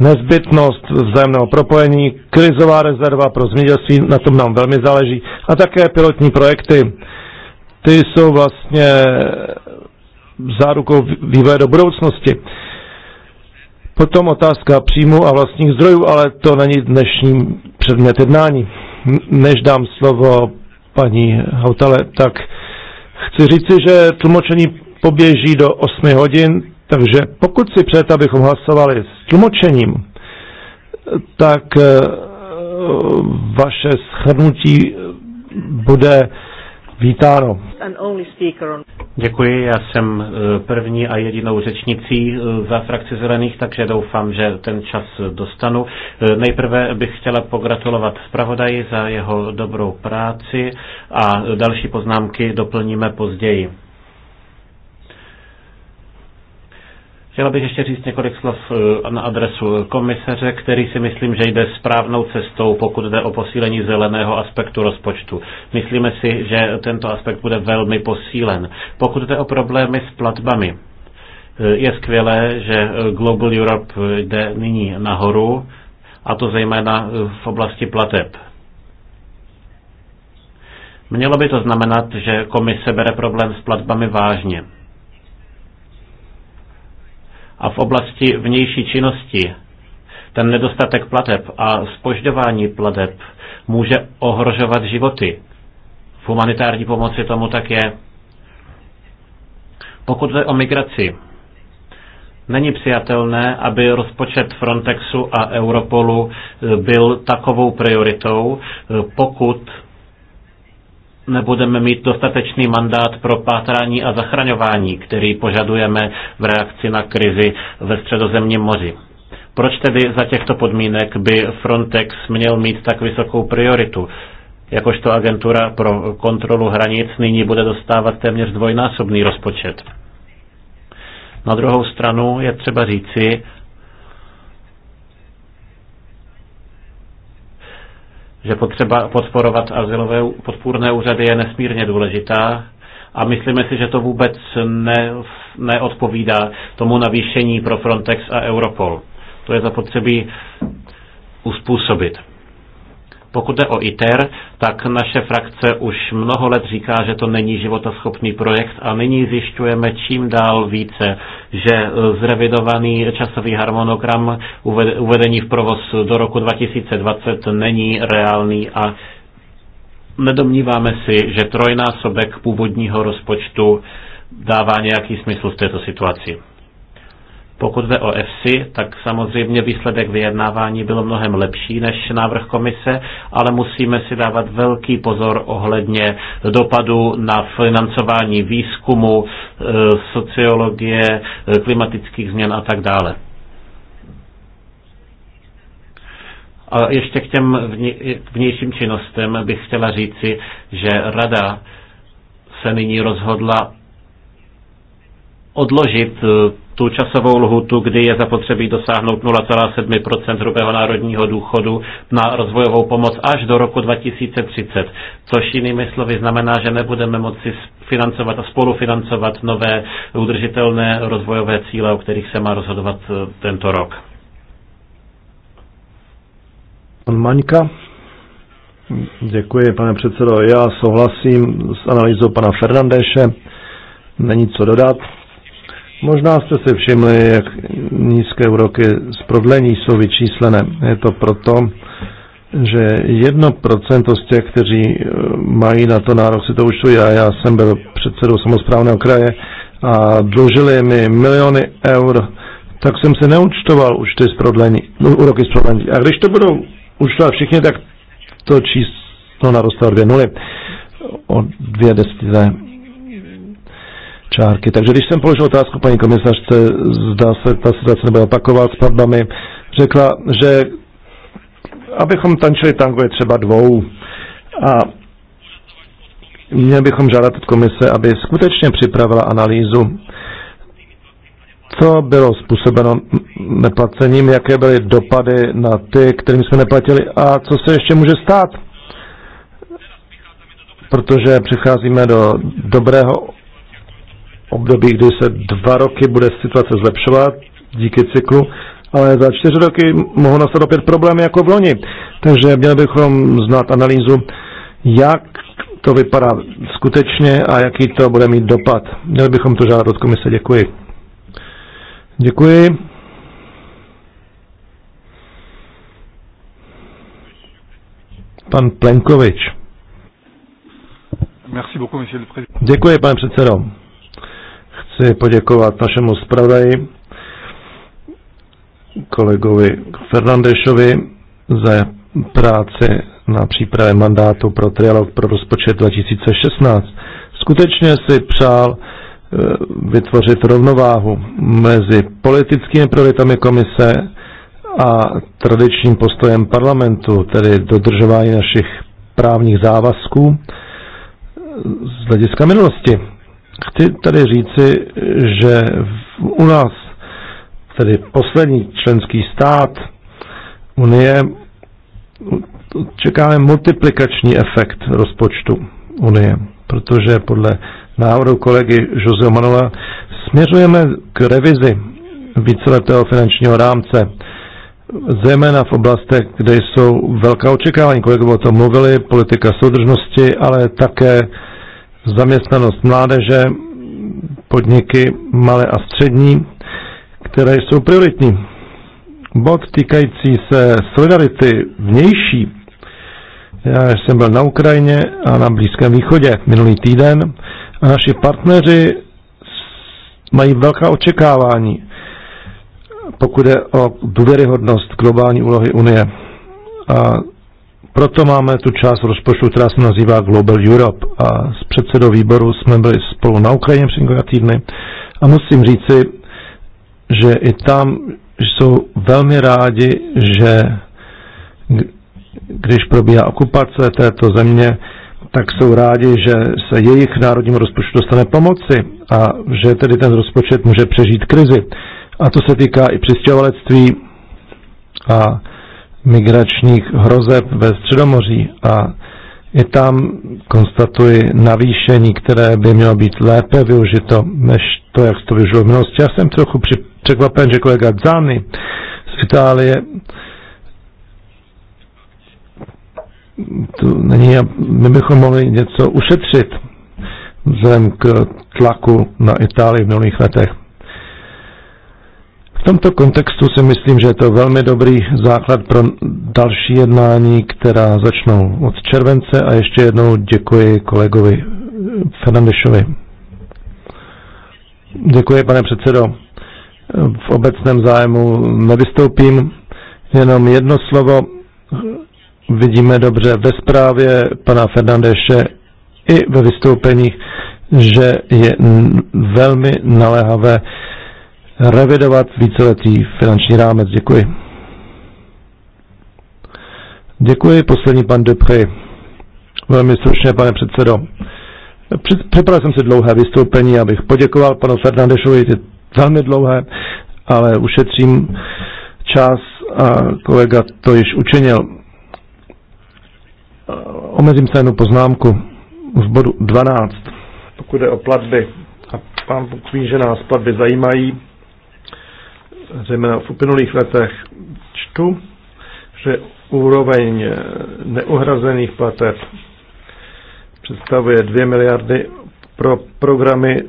nezbytnost vzájemného propojení, krizová rezerva pro zemědělství, na tom nám velmi záleží, a také pilotní projekty. Ty jsou vlastně zárukou vývoje do budoucnosti. Potom otázka příjmu a vlastních zdrojů, ale to není dnešní předmět jednání. Než dám slovo paní Hautale, tak chci říci, že tlumočení poběží do 8 hodin, takže pokud si přejete, abychom hlasovali s tlumočením, tak eh, vaše schrnutí bude vítáno. Děkuji, já jsem eh, první a jedinou řečnicí eh, za frakci zelených, takže doufám, že ten čas dostanu. Nejprve bych chtěla pogratulovat zpravodaji za jeho dobrou práci a další poznámky doplníme později. Chtěla bych ještě říct několik slov eh, na adresu komiseře, který si myslím, že jde správnou cestou, pokud jde o posílení zeleného aspektu rozpočtu. Myslíme si, že tento aspekt bude velmi posílen. Pokud jde o problémy s platbami, eh, je skvělé, že eh, Global Europe jde nyní nahoru, a to zejména v oblasti plateb. Mělo by to znamenat, že komise bere problém s platbami vážně a v oblasti vnější činnosti ten nedostatek plateb a spožďování plateb může ohrožovat životy. V humanitární pomoci tomu tak je. Pokud jde o migraci, není přijatelné, aby rozpočet Frontexu a Europolu byl takovou prioritou, pokud nebudeme mít dostatečný mandát pro pátrání a zachraňování, který požadujeme v reakci na krizi ve středozemním moři. Proč tedy za těchto podmínek by Frontex měl mít tak vysokou prioritu? Jakožto agentura pro kontrolu hranic nyní bude dostávat téměř dvojnásobný rozpočet. Na druhou stranu je třeba říci, že potřeba podporovat azylové podpůrné úřady je nesmírně důležitá a myslíme si, že to vůbec ne, neodpovídá tomu navýšení pro Frontex a Europol. To je zapotřebí uspůsobit. Pokud jde o ITER, tak naše frakce už mnoho let říká, že to není životaschopný projekt a nyní zjišťujeme čím dál více, že zrevidovaný časový harmonogram uvedení v provoz do roku 2020 není reálný a nedomníváme si, že trojnásobek původního rozpočtu dává nějaký smysl v této situaci. Pokud jde o EFSI, tak samozřejmě výsledek vyjednávání byl mnohem lepší než návrh komise, ale musíme si dávat velký pozor ohledně dopadu na financování výzkumu, e, sociologie, e, klimatických změn a tak dále. A ještě k těm vnějším činnostem bych chtěla říci, že Rada se nyní rozhodla odložit eh, tu časovou lhutu, kdy je zapotřebí dosáhnout 0,7 hrubého národního důchodu na rozvojovou pomoc až do roku 2030, což jinými slovy znamená, že nebudeme moci financovat a spolufinancovat nové udržitelné rozvojové cíle, o kterých se má rozhodovat eh, tento rok. Pan Maňka. Děkuji, pane předsedo. Já souhlasím s analýzou pana Fernandéše. Není co dodat. Možná jste si všimli, jak nízké úroky z prodlení jsou vyčíslené. Je to proto, že procento z těch, kteří eh, mají na to nárok, si to účtují. A já jsem byl předsedou samozprávného kraje a dlužili mi miliony eur, tak jsem se neúčtoval účty z prodlení, no, úroky z prodlení. A když to budou účtovat všichni, tak to číslo narostlo o dvě nuly, o dvě desetiny čárky. Takže když jsem položil otázku paní komisařce, zda se ta situace nebude opakovat s padbami, řekla, že abychom tančili tango je třeba dvou a měli bychom žádat od komise, aby skutečně připravila analýzu, co bylo způsobeno neplacením, jaké byly dopady na ty, kterým jsme neplatili a co se ještě může stát. Protože přicházíme do dobrého období, kdy se dva roky bude situace zlepšovat díky cyklu, ale za čtyři roky mohou nastat opět problémy jako v loni. Takže měli bychom znát analýzu, jak to vypadá skutečně a jaký to bude mít dopad. Měli bychom to žádat od komise. Děkuji. Děkuji. Pan Plenkovič. Děkuji, pane předsedo chci poděkovat našemu zpravodaji, kolegovi Fernandešovi za práci na přípravě mandátu pro trialog pro rozpočet 2016. Skutečně si přál eh, vytvořit rovnováhu mezi politickými prioritami komise a tradičním postojem parlamentu, tedy dodržování našich právních závazků z hlediska minulosti. Chci tady říci, že u nás, tedy poslední členský stát Unie, čekáme multiplikační efekt rozpočtu Unie, protože podle návrhu kolegy Jose Manuela směřujeme k revizi víceletého finančního rámce, zejména v oblastech, kde jsou velká očekávání. Kolegové o tom mluvili, politika soudržnosti, ale také zaměstnanost mládeže, podniky malé a střední, které jsou prioritní. Bod týkající se solidarity vnější. Já jsem byl na Ukrajině a na Blízkém východě minulý týden a naši partneři mají velká očekávání, pokud je o důvěryhodnost globální úlohy Unie. A proto máme tu část v rozpočtu, která se nazývá Global Europe. A s předsedou výboru jsme byli spolu na Ukrajině před několika týdny. A musím říci, že i tam jsou velmi rádi, že když probíhá okupace této země, tak jsou rádi, že se jejich národnímu rozpočtu dostane pomoci a že tedy ten rozpočet může přežít krizi. A to se týká i přistěhovalectví a migračních hrozeb ve Středomoří a i tam konstatuji navýšení, které by mělo být lépe využito, než to, jak to využilo v minulosti. Já jsem trochu překvapen, že kolega Zany z Itálie tu není, my bychom mohli něco ušetřit vzhledem k tlaku na Itálii v minulých letech tomto kontextu si myslím, že je to velmi dobrý základ pro další jednání, která začnou od července a ještě jednou děkuji kolegovi Fernandešovi. Děkuji, pane předsedo. V obecném zájmu nevystoupím, jenom jedno slovo. Vidíme dobře ve zprávě pana Fernandeše i ve vystoupeních, že je velmi naléhavé revidovat víceletý finanční rámec. Děkuji. Děkuji, poslední pan Dupré. Velmi stručně, pane předsedo. Připravil jsem si dlouhé vystoupení, abych poděkoval panu Fernandešovi, je velmi dlouhé, ale ušetřím čas a kolega to již učinil. Omezím se jednu poznámku v bodu 12, pokud je o platby. A pán Bukví, že nás platby zajímají zejména v uplynulých letech, čtu, že úroveň neuhrazených plateb představuje 2 miliardy pro programy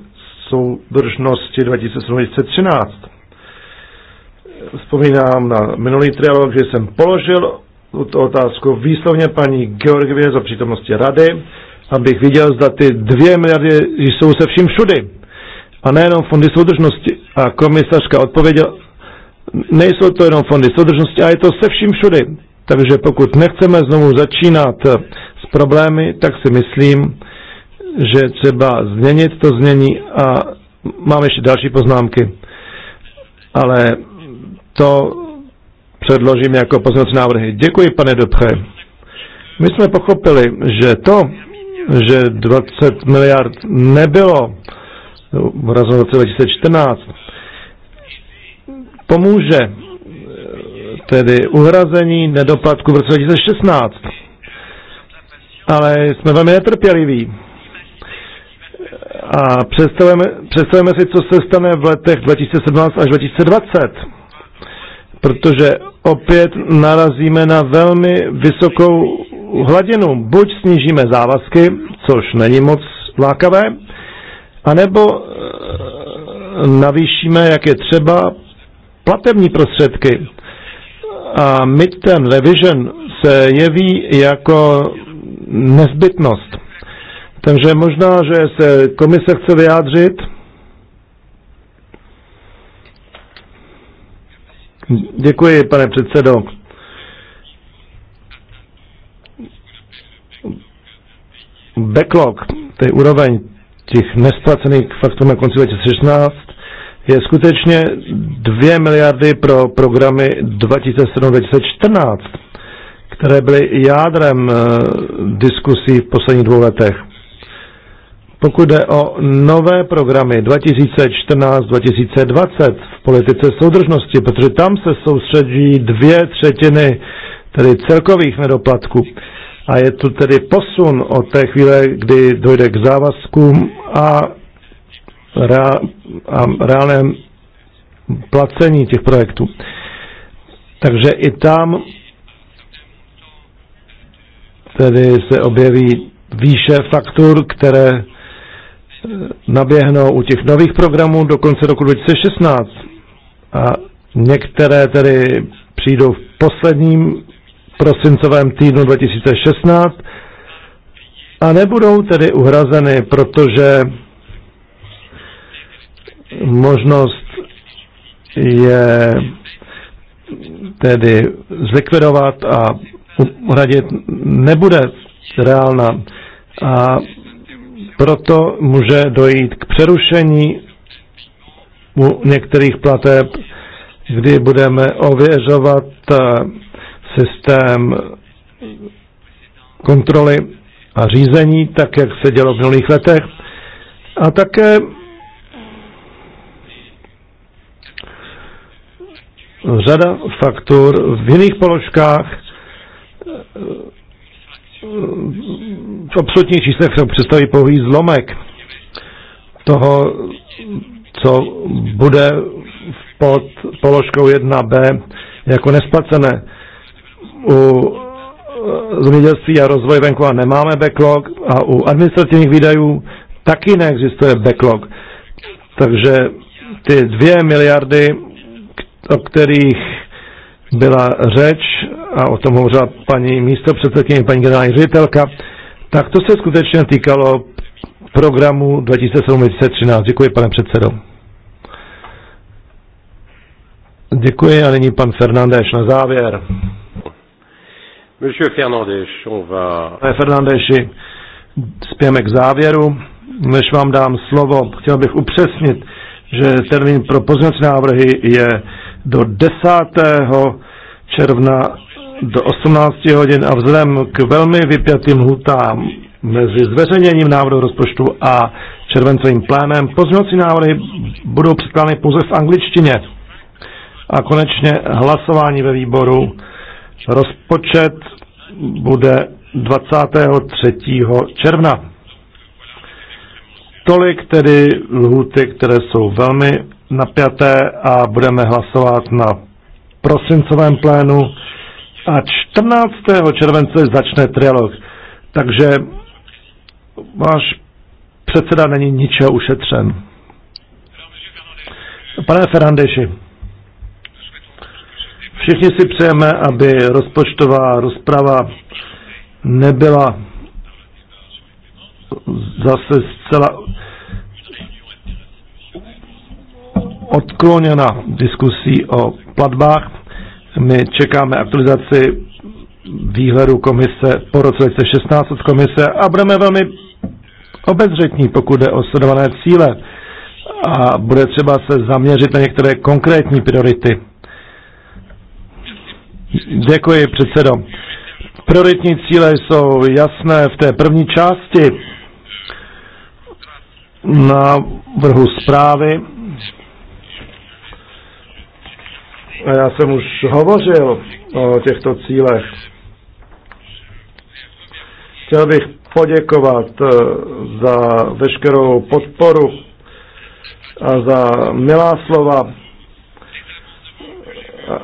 soudržnosti 2013. Vzpomínám na minulý trialog, že jsem položil tuto otázku výslovně paní Georgievě za přítomnosti rady, abych viděl, zda ty dvě miliardy jsou se vším všudy. A nejenom fondy soudržnosti. A komisařka odpověděla, Nejsou to jenom fondy soudržnosti, a je to se vším všudy. Takže pokud nechceme znovu začínat eh, s problémy, tak si myslím, že třeba změnit to změní a mám ještě další poznámky. Ale to předložím jako pozměnovací návrhy. Děkuji, pane Dobře. My jsme pochopili, že to, že 20 miliard nebylo v roce 2014, pomůže eh, tedy uhrazení nedoplatku v roce 2016. Ale jsme velmi netrpěliví. A představujeme, představujeme si, co se stane v letech 2017 až 2020. Protože opět narazíme na velmi vysokou hladinu. Buď snížíme závazky, což není moc lákavé, anebo eh, navýšíme, jak je třeba, platební prostředky. A midterm ten revision se jeví jako nezbytnost. Takže možná, že se komise chce vyjádřit. Děkuji, pane předsedo. Backlog, to je úroveň těch nesplacených faktů na konci 2016, je skutečně 2 miliardy pro programy 2007-2014, které byly jádrem eh, diskusí v posledních dvou letech. Pokud jde o nové programy 2014-2020 v politice soudržnosti, protože tam se soustředí dvě třetiny tedy celkových nedoplatků. A je tu tedy posun od té chvíle, kdy dojde k závazkům a reálné placení těch projektů. Takže i tam tedy se objeví výše faktur, které eh, naběhnou u těch nových programů do konce roku 2016. A některé tedy přijdou v posledním prosincovém týdnu 2016 a nebudou tedy uhrazeny, protože možnost je tedy zlikvidovat a uhradit nebude reálná. A proto může dojít k přerušení u některých plateb, kdy budeme ověřovat eh, systém kontroly a řízení, tak jak se dělo v minulých letech. A také řada faktur v jiných položkách v absolutních číslech představí pouhý zlomek toho, co bude pod položkou 1b jako nesplacené. U zemědělství a rozvoje a nemáme backlog a u administrativních výdajů taky neexistuje backlog. Takže ty dvě miliardy o kterých byla řeč, a o tom hovořila paní místo předsedkyně, paní generální ředitelka, tak to se skutečně týkalo programu 2007-2013. Děkuji, pane předsedo. Děkuji a nyní pan Fernández na závěr. Monsieur Fernández, on va... Pane Fernandeši, spějeme k závěru. Než vám dám slovo, chtěl bych upřesnit, že termín pro pozměňovací návrhy je do 10. června do 18 hodin a vzhledem k velmi vypjatým lhutám mezi zveřejněním návrhu rozpočtu a červencovým plánem pozměňovací návrhy budou předkládány pouze v angličtině. A konečně hlasování ve výboru rozpočet bude 23. června. Tolik tedy lhuty, které jsou velmi napjaté a budeme hlasovat na prosincovém plénu a 14. července začne trialog. Takže váš předseda není ničeho ušetřen. Pane Ferrandeši, všichni si přejeme, aby rozpočtová rozprava nebyla zase zcela odkloněna diskusí o platbách. My čekáme aktualizaci výhledu komise po roce 2016 od komise a budeme velmi obezřetní, pokud jde o sledované cíle a bude třeba se zaměřit na některé konkrétní priority. Děkuji, předsedo. Prioritní cíle jsou jasné v té první části na vrhu zprávy A já jsem už hovořil o těchto cílech. Chtěl bych poděkovat eh, za veškerou podporu a za milá slova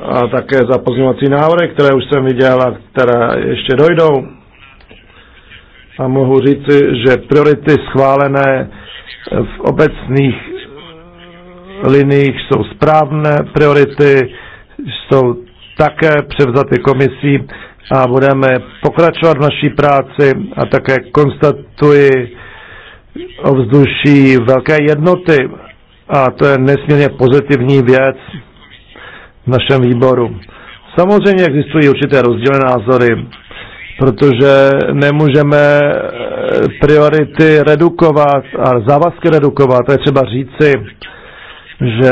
a také za pozměňovací návrhy, které už jsem viděl a které ještě dojdou. A mohu říci, že priority schválené v obecných liniích jsou správné priority jsou také převzaty komisí a budeme pokračovat v naší práci a také konstatuji ovzduší velké jednoty a to je nesmírně pozitivní věc v našem výboru. Samozřejmě existují určité rozdílné názory, protože nemůžeme eh, priority redukovat a závazky redukovat. To je třeba říci, že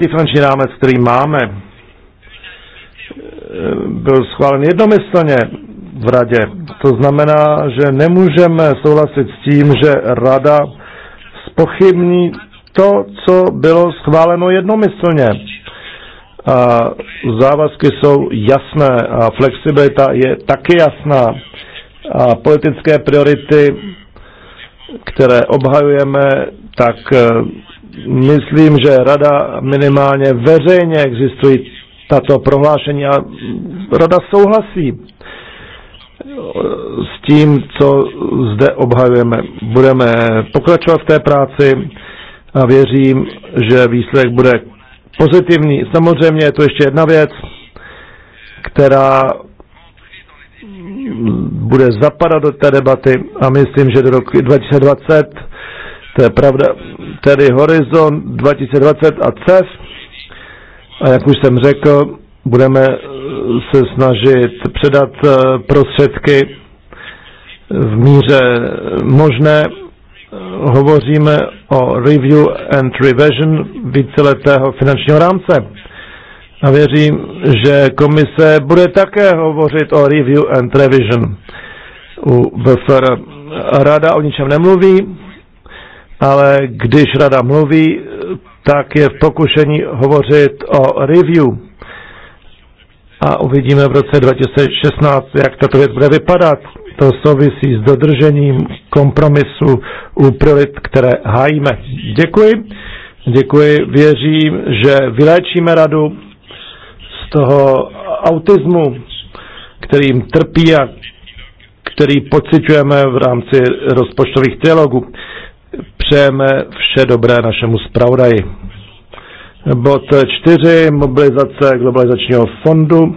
ty finanční rámec, který máme, byl schválen jednomyslně v radě. To znamená, že nemůžeme souhlasit s tím, že rada spochybní to, co bylo schváleno jednomyslně. A závazky jsou jasné a flexibilita je taky jasná. A politické priority, které obhajujeme, tak eh, myslím, že rada minimálně veřejně existují tato prohlášení a rada souhlasí s tím, co zde obhajujeme. Budeme pokračovat v té práci a věřím, že výsledek bude pozitivní. Samozřejmě je to ještě jedna věc, která bude zapadat do té debaty a myslím, že do roku 2020, to je pravda, tedy horizont 2020 a CES, a jak už jsem řekl, budeme se snažit předat eh, prostředky v míře možné. Hovoříme o review and revision víceletého finančního rámce. A věřím, že komise bude také hovořit o review and revision. U VFR rada o ničem nemluví, ale když rada mluví, tak je v pokušení hovořit o review. A uvidíme v roce 2016, jak tato věc bude vypadat. To souvisí s dodržením kompromisu u priorit, které hájíme. Děkuji. Děkuji. Věřím, že vyléčíme radu z toho autismu, kterým trpí a který pociťujeme v rámci rozpočtových dialogů přejeme vše dobré našemu zpravodaji. Bod 4. Mobilizace globalizačního fondu.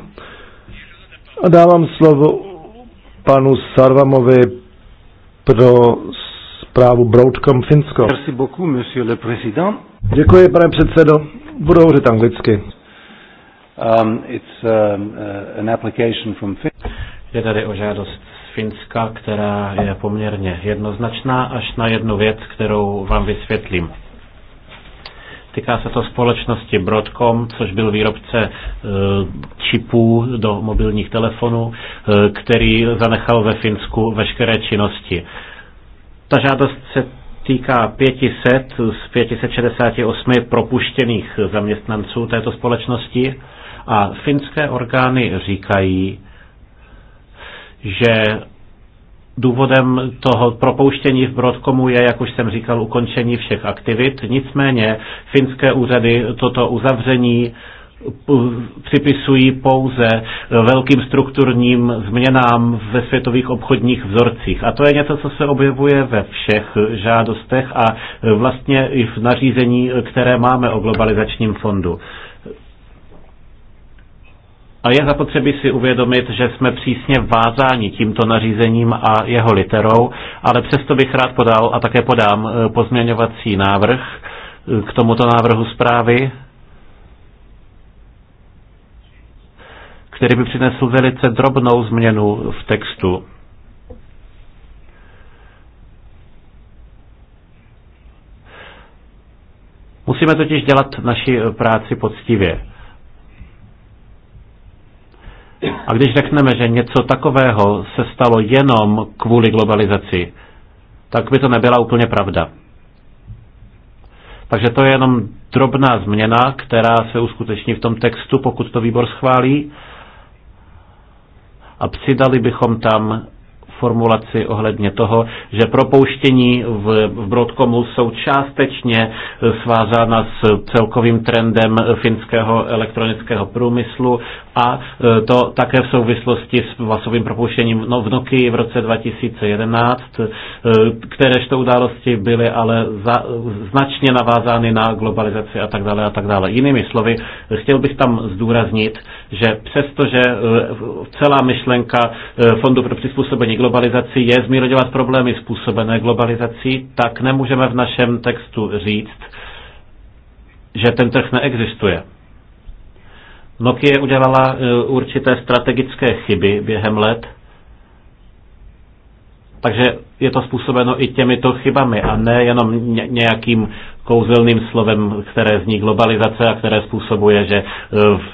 A dávám slovo panu Sarvamovi pro zprávu Broadcom Finsko. Děkuji, pane předsedo. Budu hovořit anglicky. Um, it's, um, uh, an application from Je tady o žádost Finska, která je poměrně jednoznačná, až na jednu věc, kterou vám vysvětlím. Týká se to společnosti Broadcom, což byl výrobce e, čipů do mobilních telefonů, e, který zanechal ve Finsku veškeré činnosti. Ta žádost se týká 500 z 568 propuštěných zaměstnanců této společnosti a finské orgány říkají, že Důvodem toho propouštění v Brodkomu je, jak už jsem říkal, ukončení všech aktivit. Nicméně finské úřady toto uzavření připisují pouze velkým strukturním změnám ve světových obchodních vzorcích. A to je něco, co se objevuje ve všech žádostech a vlastně i v nařízení, které máme o globalizačním fondu. A je zapotřebí si uvědomit, že jsme přísně vázáni tímto nařízením a jeho literou, ale přesto bych rád podal a také podám eh, pozměňovací návrh eh, k tomuto návrhu zprávy, který by přinesl velice drobnou změnu v textu. Musíme totiž dělat naši práci poctivě. A když řekneme, že něco takového se stalo jenom kvůli globalizaci, tak by to nebyla úplně pravda. Takže to je jenom drobná změna, která se uskuteční v tom textu, pokud to výbor schválí. A přidali bychom tam formulaci ohledně toho, že propouštění v, v Broadcomu jsou částečně svázána s celkovým trendem finského elektronického průmyslu a e, to také v souvislosti s masovým propouštěním no, v Nokii v roce 2011, e, kteréžto události byly ale za, značně navázány na globalizaci a tak dále a tak dále. Jinými slovy, chtěl bych tam zdůraznit, že přestože e, celá myšlenka Fondu pro přizpůsobení globalizace globalizaci je zmírňovat problémy způsobené globalizací, tak nemůžeme v našem textu říct, že ten trh neexistuje. Nokia udělala e, určité strategické chyby během let, takže je to způsobeno i těmito chybami a ne jenom nějakým kouzelným slovem, které zní globalizace a které způsobuje, že eh,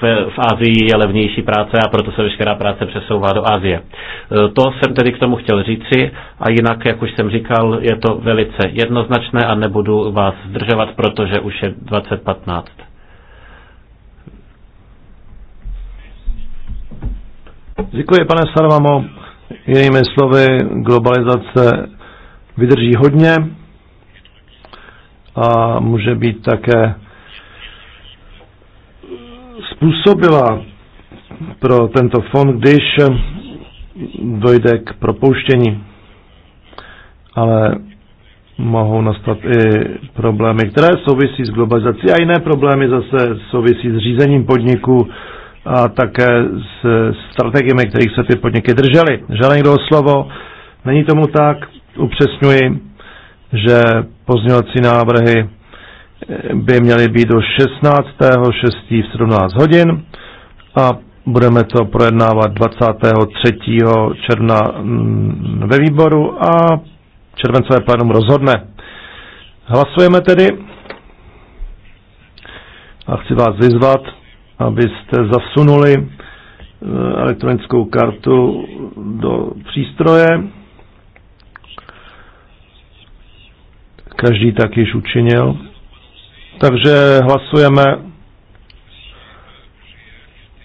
v, v Asii je levnější práce a proto se veškerá práce přesouvá do Asie. Eh, to jsem tedy k tomu chtěl říci a jinak, jak už jsem říkal, je to velice jednoznačné a nebudu vás zdržovat, protože už je 2015. Děkuji, pane Sarvamo. Jinými slovy, globalizace vydrží hodně a může být také způsobila pro tento fond, když dojde k propouštění. Ale mohou nastat i problémy, které souvisí s globalizací a jiné problémy zase souvisí s řízením podniku a také s strategiemi, kterých se ty podniky držely. Žádný kdo slovo, není tomu tak, upřesňuji, že Pozměňovací návrhy eh, by měly být do 16.6. v 17 hodin a budeme to projednávat 23. června mm, ve výboru a červencové plénum rozhodne. Hlasujeme tedy a chci vás vyzvat, abyste zasunuli eh, elektronickou kartu do přístroje. Každý tak již učinil. Takže hlasujeme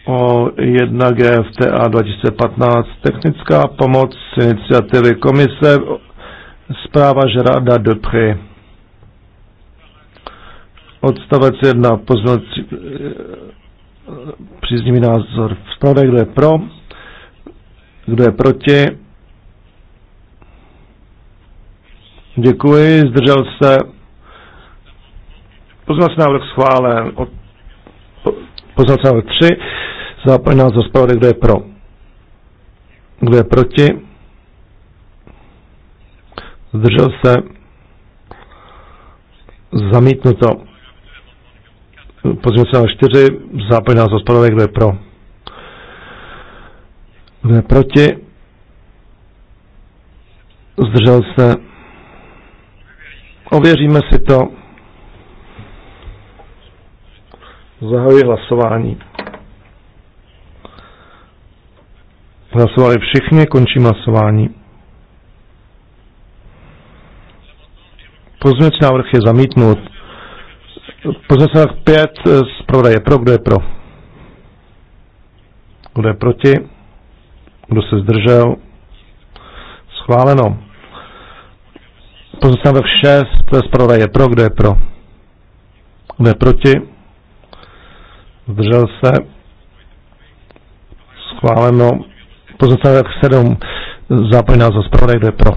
o 1 GFTA 2015 technická pomoc iniciativy komise zpráva do Depry. Odstavec 1 poznací příznivý názor v kdo je pro, kdo je proti, Děkuji, zdržel se. Poznací návrh schválen. Poznací návrh 3. Zápojná názor zpravodaj, kdo je pro. Kdo je proti? Zdržel se. Zamítnuto. Pozměnce návrh 4. Zápojná názor zpravodaj, kdo je pro. Kdo je proti? Zdržel se Ověříme si to. Zahajuji hlasování. Hlasovali všichni, končím hlasování. Pozměňovací návrh je zamítnut. Pozměňovací návrh 5 eh, z prodaje pro, kdo je pro? Kdo je proti? Kdo se zdržel? Schváleno. Pozostávek 6, to je je pro, kdo je pro? Kdo je proti? Zdržel se? Schváleno. Pozostávek 7, zápoj nás za zpravodaj, kdo je pro?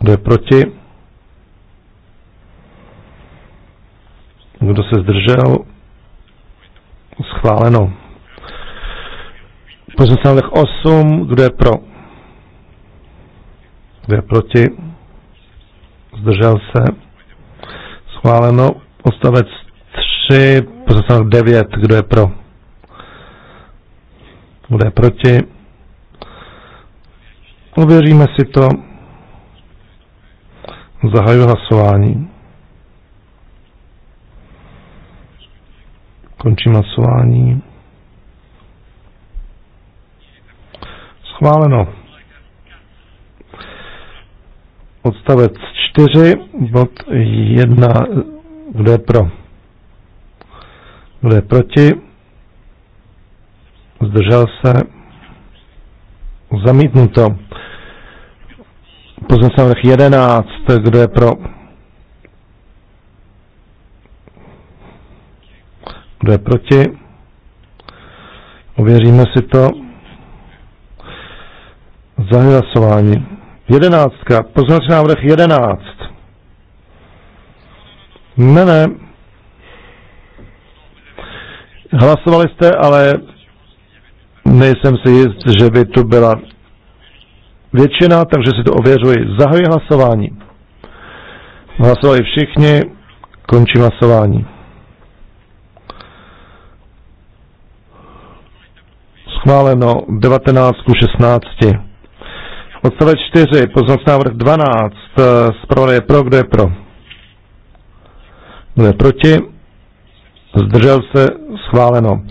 Kdo je proti? Kdo se zdržel? Schváleno. Pozostávek 8, kdo je pro? Kdo je proti? Zdržel se? Schváleno. Odstavec 3, pořadatelok 9. Kdo je pro? Kdo je proti? Ověříme si to. Zahajuji hlasování. Končím hlasování. Schváleno. Odstavec 4, bod 1, kdo je pro? Kdo je proti? Zdržel se? Zamítnuto. Pozměnce návrh 11, kdo je pro? Kdo je proti? Ověříme si to. Zahy hlasování. Jedenáctka. Pozměňovací návrh jedenáct. Ne, ne. Hlasovali jste, ale nejsem si jist, že by tu byla většina, takže si to ověřuji. Zahajuji hlasování. Hlasovali všichni, končí hlasování. Schváleno 19 ku 16. Odstavec 4, pozornost návrh 12, eh, zpravodaj je pro, kdo je pro? Kdo je proti? Zdržel se, schváleno.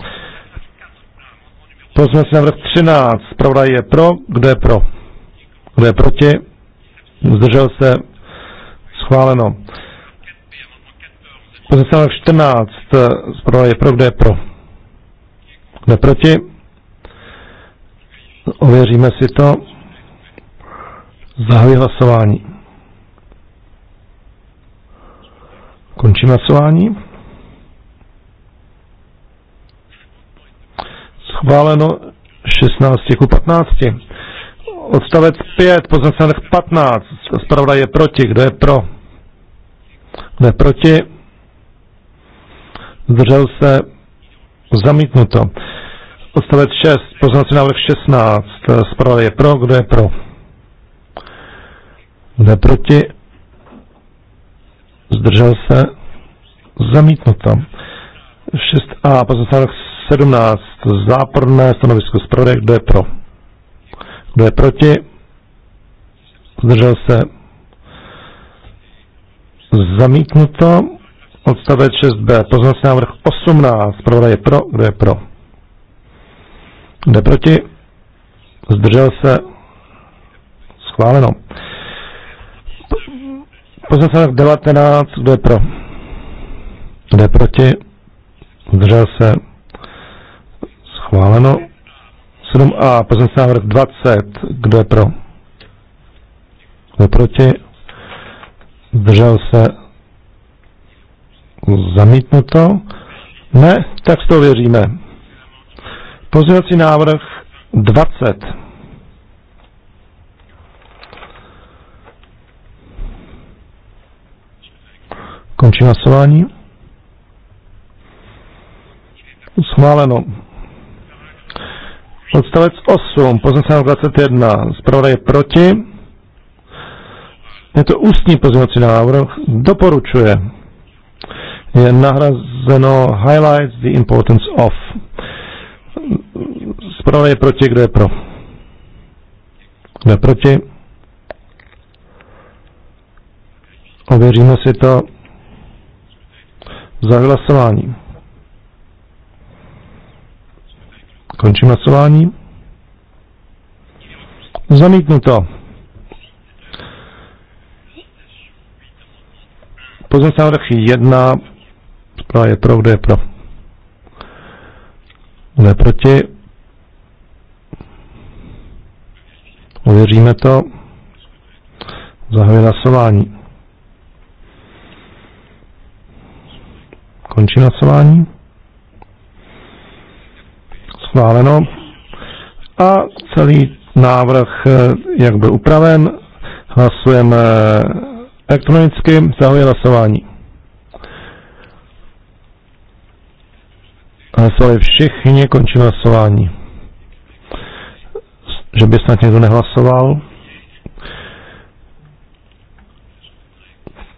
Pozměňovací návrh 13, zpravodaj je pro, kdo je pro? Kdo je proti? Zdržel se, schváleno. Pozměňovací návrh 14, eh, zpravodaj je pro, kdo je pro? Kdo je proti? Ověříme si to. Zahajuji hlasování. Končím hlasování. Schváleno 16 ku 15. Odstavec 5, poznací 15. Zpravda je proti. Kdo je pro? Kdo je proti? Zdržel se zamítnuto. Odstavec 6, poznací návrh 16. Zpravda je pro. Kdo je pro? Kdo proti? Zdržel se? zamítno tam. 6a, pozostávek 17, záporné stanovisko z zpravodaje, kdo je pro? Kdo je proti? Zdržel se? Zamítnuto. Odstavec 6b, pozvací návrh 18, zpravodaj je pro, kdo je pro? Kdo je proti? Zdržel se? Schváleno. Pozůstalek 19, kdo je pro? Kdo je proti? Zdržel se. Schváleno. 7a, pozměnce návrh 20, kdo je pro? Kdo je proti? Zdržel se. Zamítnuto. Ne, tak to věříme. Pozměňovací návrh 20. Končím hlasování. Schváleno. Odstavec 8, pozměnce 21. Zpravodaj je proti. Je to ústní pozměnací návrh. Doporučuje. Je nahrazeno highlights the importance of. Zpravodaj je proti, kdo je pro? Kdo je proti? Ověříme si to za hlasování. Končím hlasování. Zamítnuto. Pozměňovací návrh jedna. Zpráva je pro, kdo je pro. Kdo je proti? Uvěříme to. Zahajuji hlasování. Končím hlasování. Schváleno. A celý návrh, jak byl upraven, hlasujeme elektronicky, zahajuje hlasování. Hlasovali všichni, Končí hlasování. Že by snad někdo nehlasoval.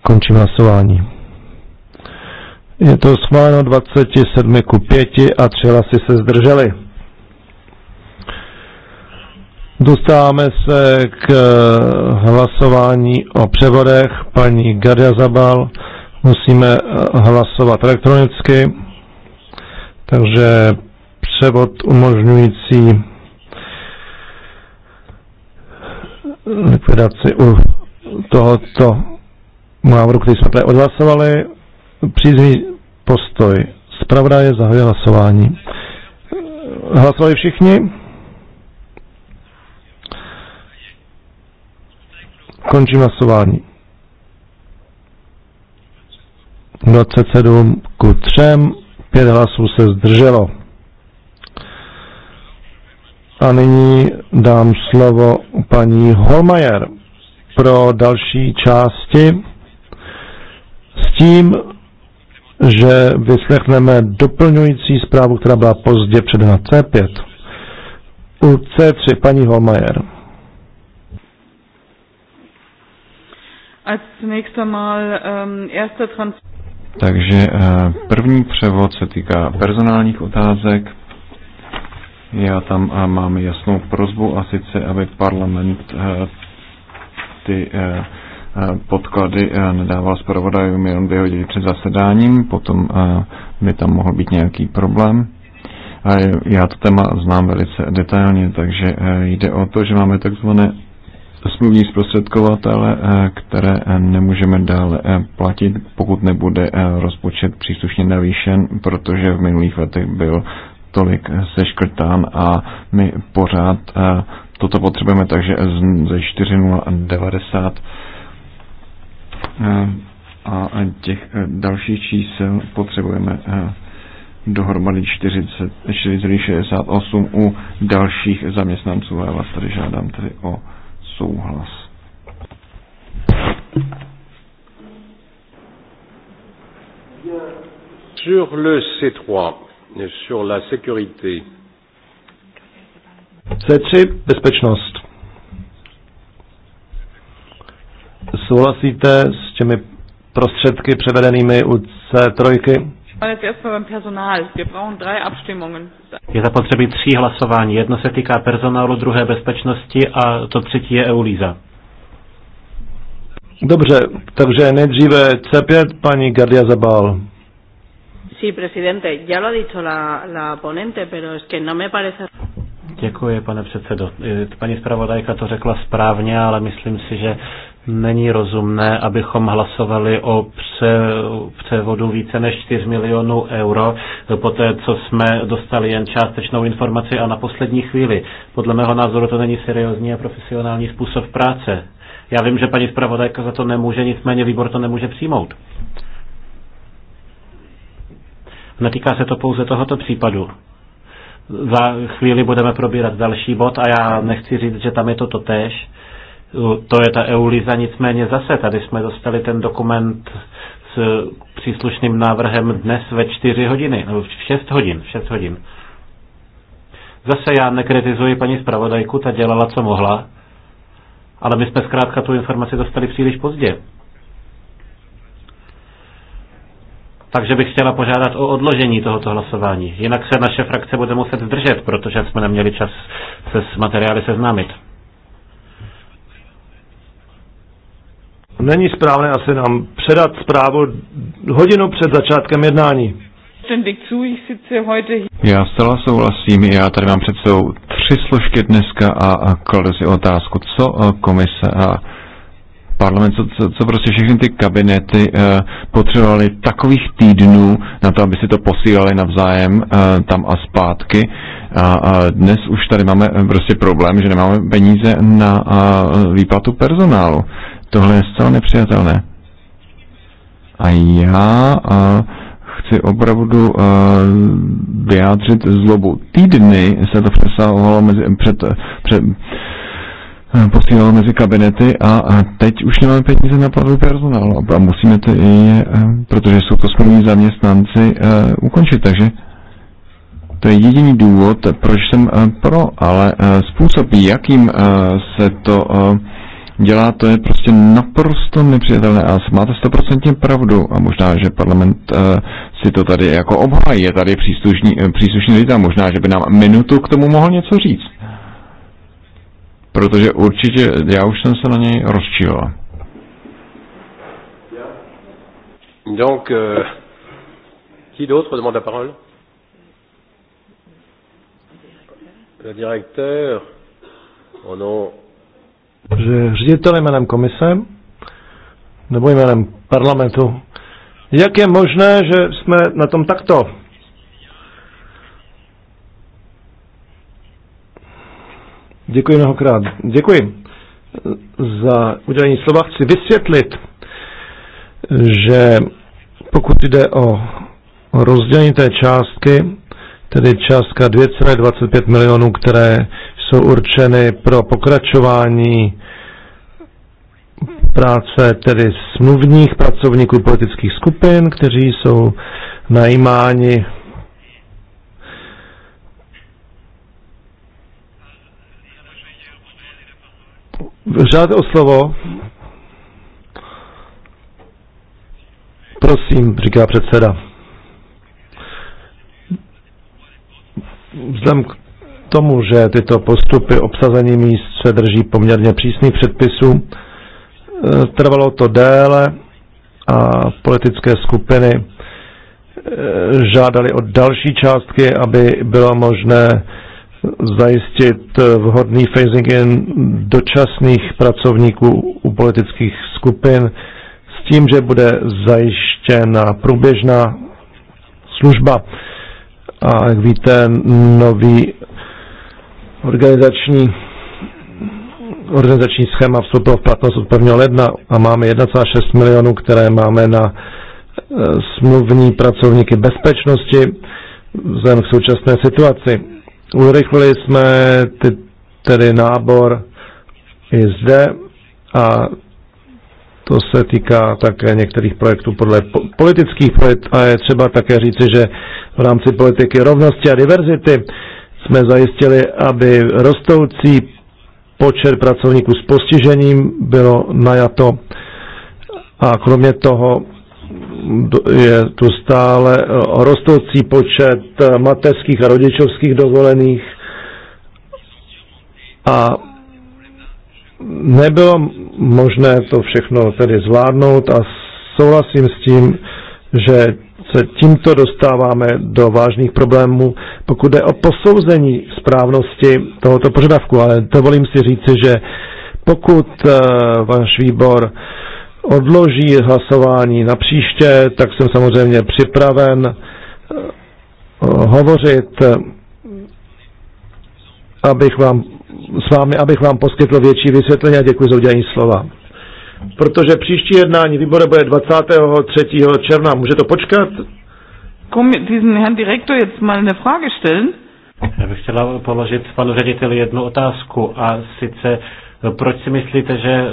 Končím hlasování. Je to schváleno 27 ku 5 a 3 hlasy se zdrželi. Dostáváme se k eh, hlasování o převodech. Paní Gardia Zabal, musíme eh, hlasovat elektronicky, takže převod umožňující eh, likvidaci u tohoto návrhu, který jsme tady odhlasovali, přízný postoj. Zpravda je zahoje hlasování. Hlasovali všichni? Končím hlasování. 27 ku 3, 5 hlasů se zdrželo. A nyní dám slovo paní Holmajer pro další části s tím, že vyslechneme doplňující zprávu, která byla pozdě předána C5. U C3 paní Holmajer. Ähm, Takže äh, první převod se týká personálních otázek. Já tam äh, mám jasnou prozbu a sice, aby parlament äh, ty Eh, podklady eh, nedával zpravodajům jenom dvě hodiny před zasedáním, potom eh, by tam mohl být nějaký problém. A já to téma znám velice detailně, takže jde o to, že máme takzvané smluvní zprostředkovatele, které nemůžeme dále platit, pokud nebude rozpočet příslušně navýšen, protože v minulých letech byl tolik seškrtán a my pořád toto potřebujeme, takže ze 4090 Eh, a těch eh, dalších čísel potřebujeme eh, dohromady 4,68 u dalších zaměstnanců. Já vás tady žádám tedy o souhlas. Sur le C3, sur la sécurité. C3, bezpečnost. Souhlasíte s těmi prostředky převedenými u C3? Je zapotřebí tří hlasování. Jedno se týká personálu, druhé bezpečnosti a to třetí je Eulíza. Dobře, takže nejdříve C5, paní Gardia Zabal. Sí, presidente, ya lo ha dicho la, la ponente, pero es que no me parece... Děkuji, pane předsedo. Eh, paní zpravodajka to řekla správně, ale myslím si, že není rozumné, abychom hlasovali o převodu více než 4 milionů euro, poté co jsme dostali jen částečnou informaci a na poslední chvíli. Podle mého názoru to není seriózní a profesionální způsob práce. Já vím, že paní zpravodajka za to nemůže, nicméně výbor to nemůže přijmout. Netýká se to pouze tohoto případu. Za chvíli budeme probírat další bod a já nechci říct, že tam je to totéž, to je ta EULIZA, nicméně zase tady jsme dostali ten dokument s příslušným návrhem dnes ve 4 hodiny, nebo v 6 hodin, v 6 hodin. Zase já nekritizuji paní zpravodajku, ta dělala, co mohla, ale my jsme zkrátka tu informaci dostali příliš pozdě. Takže bych chtěla požádat o odložení tohoto hlasování. Jinak se naše frakce bude muset zdržet, protože jsme neměli čas se s materiály seznámit. Není správné asi nám předat zprávu hodinu před začátkem jednání. Já zcela souhlasím, já tady mám před sebou tři složky dneska a, kladu si otázku, co eh, komise a parlament, co, co, co prostě všechny ty kabinety eh, potřebovaly takových týdnů na to, aby si to posílali navzájem eh, tam a zpátky. A, a dnes už tady máme prostě problém, že nemáme peníze na a, eh, výplatu personálu. Tohle je zcela nepřijatelné. A já a chci opravdu a, vyjádřit zlobu. Týdny se to přesahovalo mezi, před, před, posílalo mezi kabinety a, a teď už nemáme peníze na platbu personálu a musíme to i, e, protože jsou to smluvní zaměstnanci, a, e, ukončit. Takže to je jediný důvod, proč jsem e, pro, ale uh, způsob, jakým se to A, dělá, to je prostě naprosto nepřijatelné. A máte stoprocentně pravdu. A možná, že parlament uh, si to tady jako obhájí. Je tady příslušný, uh, eh, příslušný lid a možná, že by nám minutu k tomu mohl něco říct. Protože určitě, já už jsem se na něj rozčíval. Donc, euh, qui d'autre demande la parole Le directeur, oh non ředitelem jménem komise nebo jménem parlamentu. Jak je možné, že jsme na tom takto? Děkuji mnohokrát. Děkuji za udělení slova. Chci vysvětlit, že pokud jde o rozdělení té částky, tedy částka 2,25 milionů, které jsou určeny pro pokračování práce tedy smluvních pracovníků politických skupin, kteří jsou najímáni Žádáte o slovo? Prosím, říká předseda. Vzhledem k tomu, že tyto postupy obsazení míst se drží poměrně přísných předpisů. E, trvalo to déle a politické skupiny e, žádali o další částky, aby bylo možné zajistit vhodný phasing in dočasných pracovníků u politických skupin s tím, že bude zajištěna průběžná služba. A jak víte, nový Organizační organizační schéma vstoupilo v platnost od 1. ledna a máme 1,6 milionů, které máme na eh, smluvní pracovníky bezpečnosti vzhledem k současné situaci. Urychlili jsme ty, tedy nábor i zde a to se týká také některých projektů podle politických projekt a je třeba také říci, že v rámci politiky rovnosti a diverzity jsme zajistili, aby rostoucí počet pracovníků s postižením bylo najato a kromě toho je tu stále rostoucí počet mateřských a rodičovských dovolených a nebylo možné to všechno tedy zvládnout a souhlasím s tím, že se tímto dostáváme do vážných problémů, pokud jde o posouzení správnosti tohoto požadavku, ale dovolím si říci, že pokud eh, váš výbor odloží hlasování na příště, tak jsem samozřejmě připraven eh, hovořit, eh, abych vám, s vámi, abych vám poskytl větší vysvětlení a děkuji za udělení slova protože příští jednání výboru bude 23. června. Může to počkat? Komm diesen Herrn Direktor jetzt mal eine Frage stellen. Já bych chtěla položit panu řediteli jednu otázku a sice proč si myslíte, že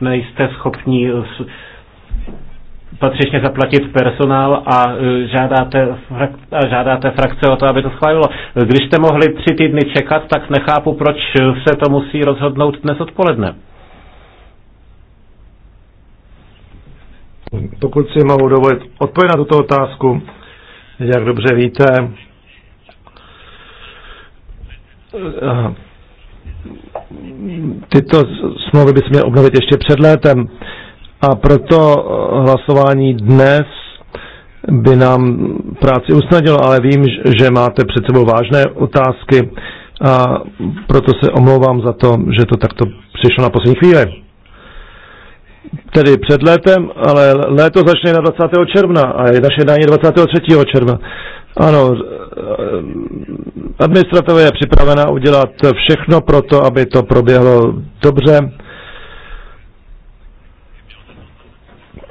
nejste schopni patřičně zaplatit personál a e, žádáte, a žádáte frakce o to, aby to schválilo. Když jste mohli tři týdny čekat, tak nechápu, proč se to musí rozhodnout dnes odpoledne. Pokud si mohu dovolit odpovědět na tuto otázku, jak dobře víte, eh, tyto smlouvy bychom měly obnovit ještě před létem a proto eh, hlasování dnes by nám práci usnadnilo, ale vím, že máte před sebou vážné otázky a proto se omlouvám za to, že to takto přišlo na poslední chvíli tedy před létem, ale léto začne na 20. června a je naše jednání 23. června. Ano, eh, administrativa je připravena udělat všechno pro to, aby to proběhlo dobře.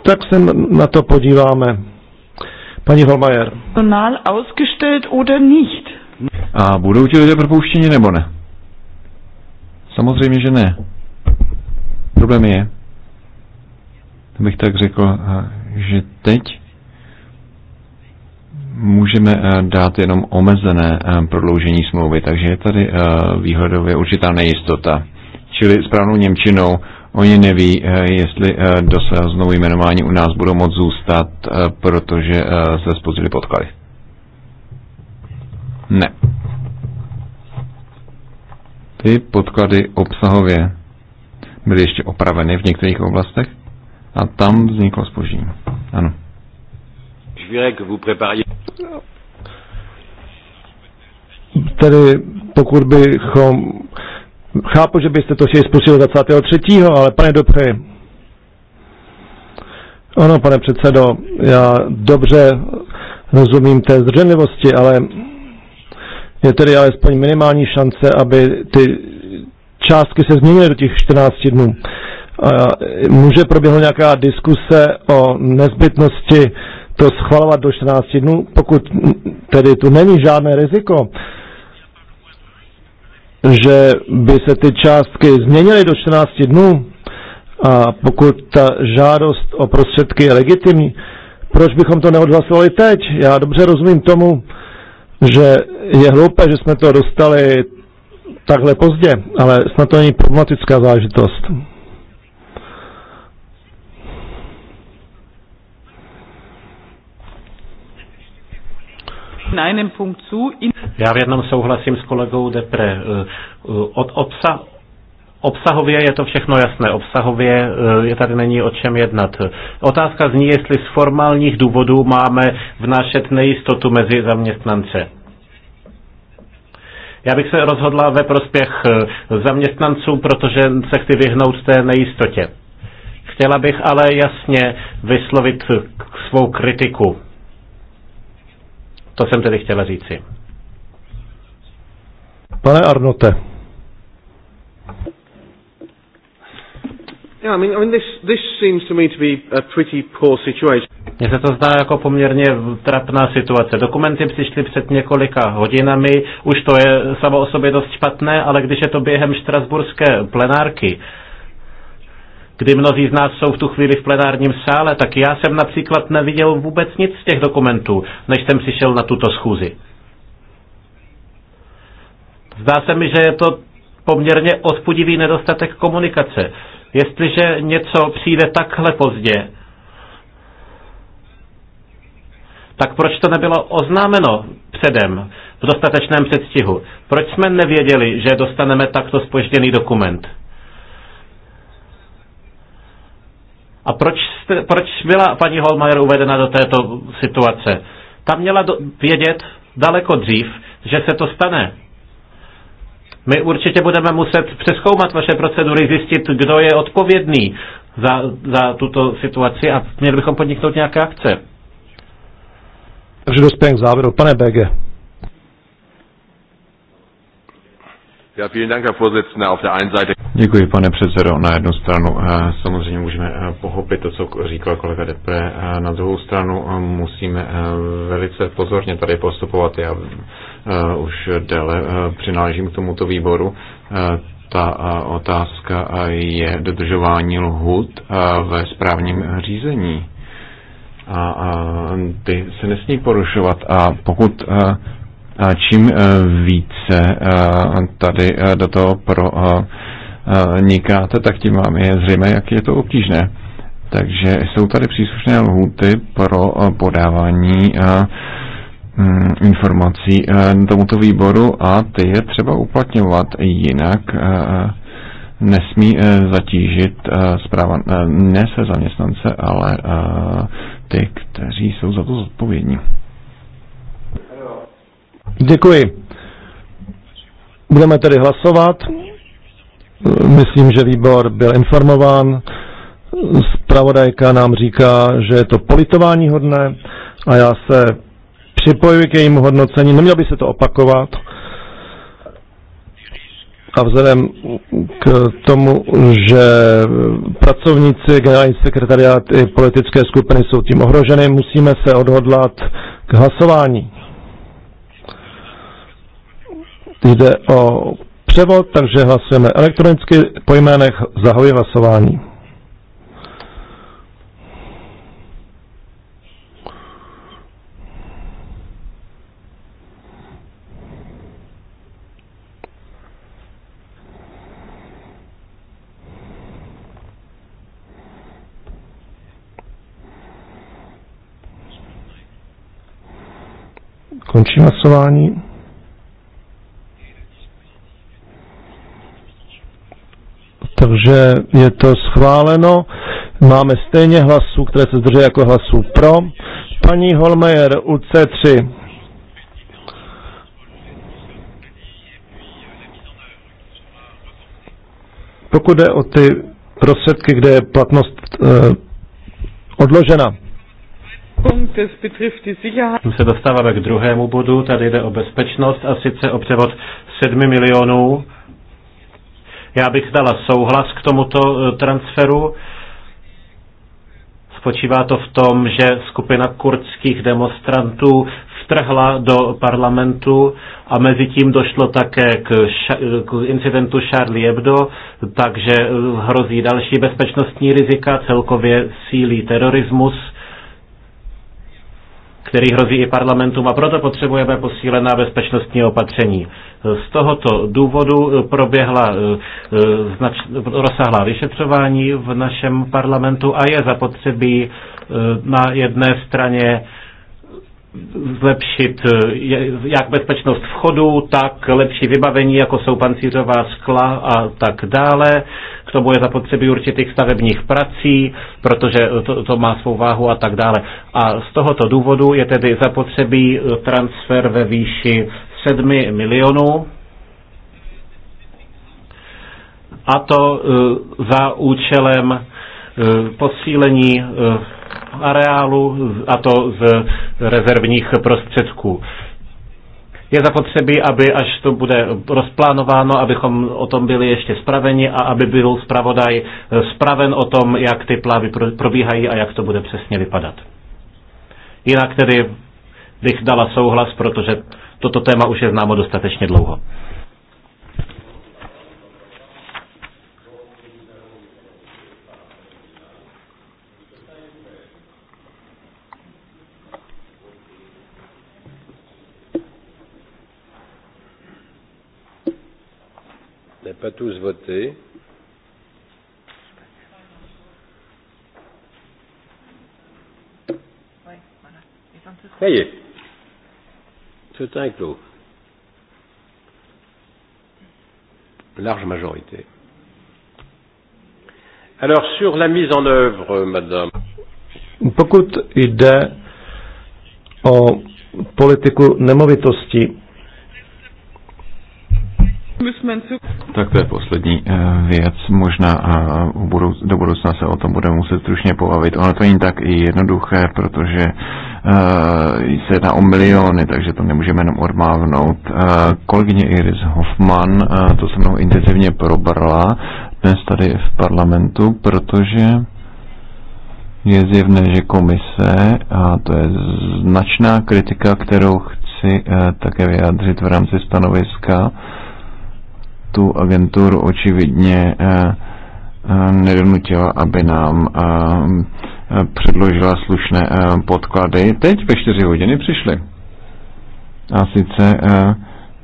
Tak se na to podíváme. Paní Holmajer. Personal ausgestellt oder nicht? A budou ti lidé propouštěni nebo ne? Samozřejmě, že ne. Problém je, bych tak řekl, eh, že teď můžeme eh, dát jenom omezené eh, prodloužení smlouvy, takže je tady výhodově určitá nejistota. Čili správnou Němčinou oni neví, jestli do svého znovu jmenování u nás budou moc zůstat, protože se spozili potkali. Ne. Ty podklady obsahově byly ještě opraveny v některých oblastech? a tam vzniklo spoždění. Ano. Tedy pokud bychom... Chápu, že byste to chtěli spustit 23. ale pane Dobře, Ano, pane předsedo, já dobře rozumím té zdřenlivosti, ale je tedy alespoň minimální šance, aby ty částky se změnily do těch 14 dnů může proběhnout nějaká diskuse o nezbytnosti to schvalovat do 14 dnů, pokud tedy tu není žádné riziko, že by se ty částky změnily do 14 dnů a pokud ta žádost o prostředky je legitimní, proč bychom to neodhlasovali teď? Já dobře rozumím tomu, že je hloupé, že jsme to dostali takhle pozdě, ale snad to není problematická záležitost. Já v jednom souhlasím s kolegou Depre. Eh, eh, od obsa, Obsahově je to všechno jasné, obsahově eh, je tady není o čem jednat. Otázka zní, jestli z formálních důvodů máme vnášet nejistotu mezi zaměstnance. Já bych se rozhodla ve prospěch zaměstnanců, protože se chci vyhnout té nejistotě. Chtěla bych ale jasně vyslovit svou kritiku to jsem tedy chtěla říci. Pane Arnote. Mně se to zdá jako poměrně trapná situace. Dokumenty přišly před několika hodinami, už to je samo o sobě dost špatné, ale když je to během štrasburské plenárky, uh, kdy mnozí z nás jsou v tu chvíli v plenárním sále, tak já jsem například neviděl vůbec nic z těch dokumentů, než jsem přišel na tuto schůzi. Zdá se mi, že je to poměrně odpudivý nedostatek komunikace. Jestliže něco přijde takhle pozdě, tak proč to nebylo oznámeno předem v dostatečném předstihu? Proč jsme nevěděli, že dostaneme takto spožděný dokument? A proč, jste, proč byla paní Holmajer uvedena do této situace? Ta měla do, vědět daleko dřív, že se to stane. My určitě budeme muset přeskoumat vaše procedury, zjistit, kdo je odpovědný za, za tuto situaci a měli bychom podniknout nějaké akce. Takže dospějeme k závěru. Pane Bege, Děkuji, pane předsedo. Na jednu stranu eh, samozřejmě můžeme eh, pochopit to, co říkal kolega Depre. Eh, na druhou stranu musíme velice pozorně tady postupovat. Já už déle přináležím k tomuto výboru. Ta otázka je dodržování lhut ve správním řízení. A ty se nesmí porušovat. A pokud a čím eh, více eh, tady eh, do toho pronikáte, tak tím vám je zřejmé, jak je to obtížné. Takže jsou tady příslušné lhuty pro podávání hm, informací tomuto výboru a ty je třeba uplatňovat jinak nesmí zatížit zpráva ne se zaměstnance, ale ty, kteří jsou za to zodpovědní. Děkuji. Budeme tedy hlasovat. Myslím, že výbor byl informován. Spravodajka nám říká, že je to politování hodné a já se připojuji k jejímu hodnocení. Nemělo by se to opakovat. A vzhledem k tomu, že pracovníci, generální sekretariát i politické skupiny jsou tím ohroženy, musíme se odhodlat k hlasování. Jde o převod, takže hlasujeme elektronicky po jménech zahoji hlasování. Končím hlasování. Takže je to schváleno. Máme stejně hlasů, které se zdrží jako hlasů pro. Paní Holmejer, c 3 Pokud jde o ty prostředky, kde je platnost eh, odložena. Se dostáváme k druhému bodu, tady jde o bezpečnost a sice o převod 7 milionů já bych dala souhlas k tomuto eh, transferu. Spočívá to v tom, že skupina kurdských demonstrantů vtrhla do parlamentu a mezi tím došlo také k, ša- k incidentu Charlie Hebdo, takže eh, hrozí další bezpečnostní rizika, celkově sílí terorismus který hrozí i parlamentům a proto potřebujeme posílená bezpečnostní opatření. Z tohoto důvodu proběhla eh, eh, znač, rozsáhlá vyšetřování v našem parlamentu a je zapotřebí eh, na jedné straně zlepšit eh, jak bezpečnost vchodu, tak lepší vybavení, jako jsou pancířová skla a tak dále. K tomu je zapotřebí určitých stavebních prací, protože to, to má svou váhu a tak dále. A z tohoto důvodu je tedy zapotřebí eh, transfer ve výši 7 milionů a to eh, za účelem posílení areálu, a to z rezervních prostředků. Je zapotřebí, aby až to bude rozplánováno, abychom o tom byli ještě spraveni a aby byl zpravodaj spraven o tom, jak ty plávy probíhají a jak to bude přesně vypadat. Jinak tedy bych dala souhlas, protože toto téma už je známo dostatečně dlouho. pas tous voté. Ça y est. tout un clos. Large majorité. Alors sur la mise en œuvre, madame. Pokud jde o politiku nemovitosti, tak to je poslední eh, věc. Možná eh, do budoucna se o tom budeme muset stručně pobavit. Ono to není tak i jednoduché, protože eh, se jedná o miliony, takže to nemůžeme jenom odmávnout. Kolegyně Iris Hoffman to se mnou intenzivně probrala dnes tady v parlamentu, protože je zjevné, že komise, a to je značná kritika, kterou chci také vyjádřit v rámci stanoviska, tu agenturu očividně eh, eh, nedonutila, aby nám eh, předložila slušné podklady. Teď ve čtyři hodiny přišly. A sice,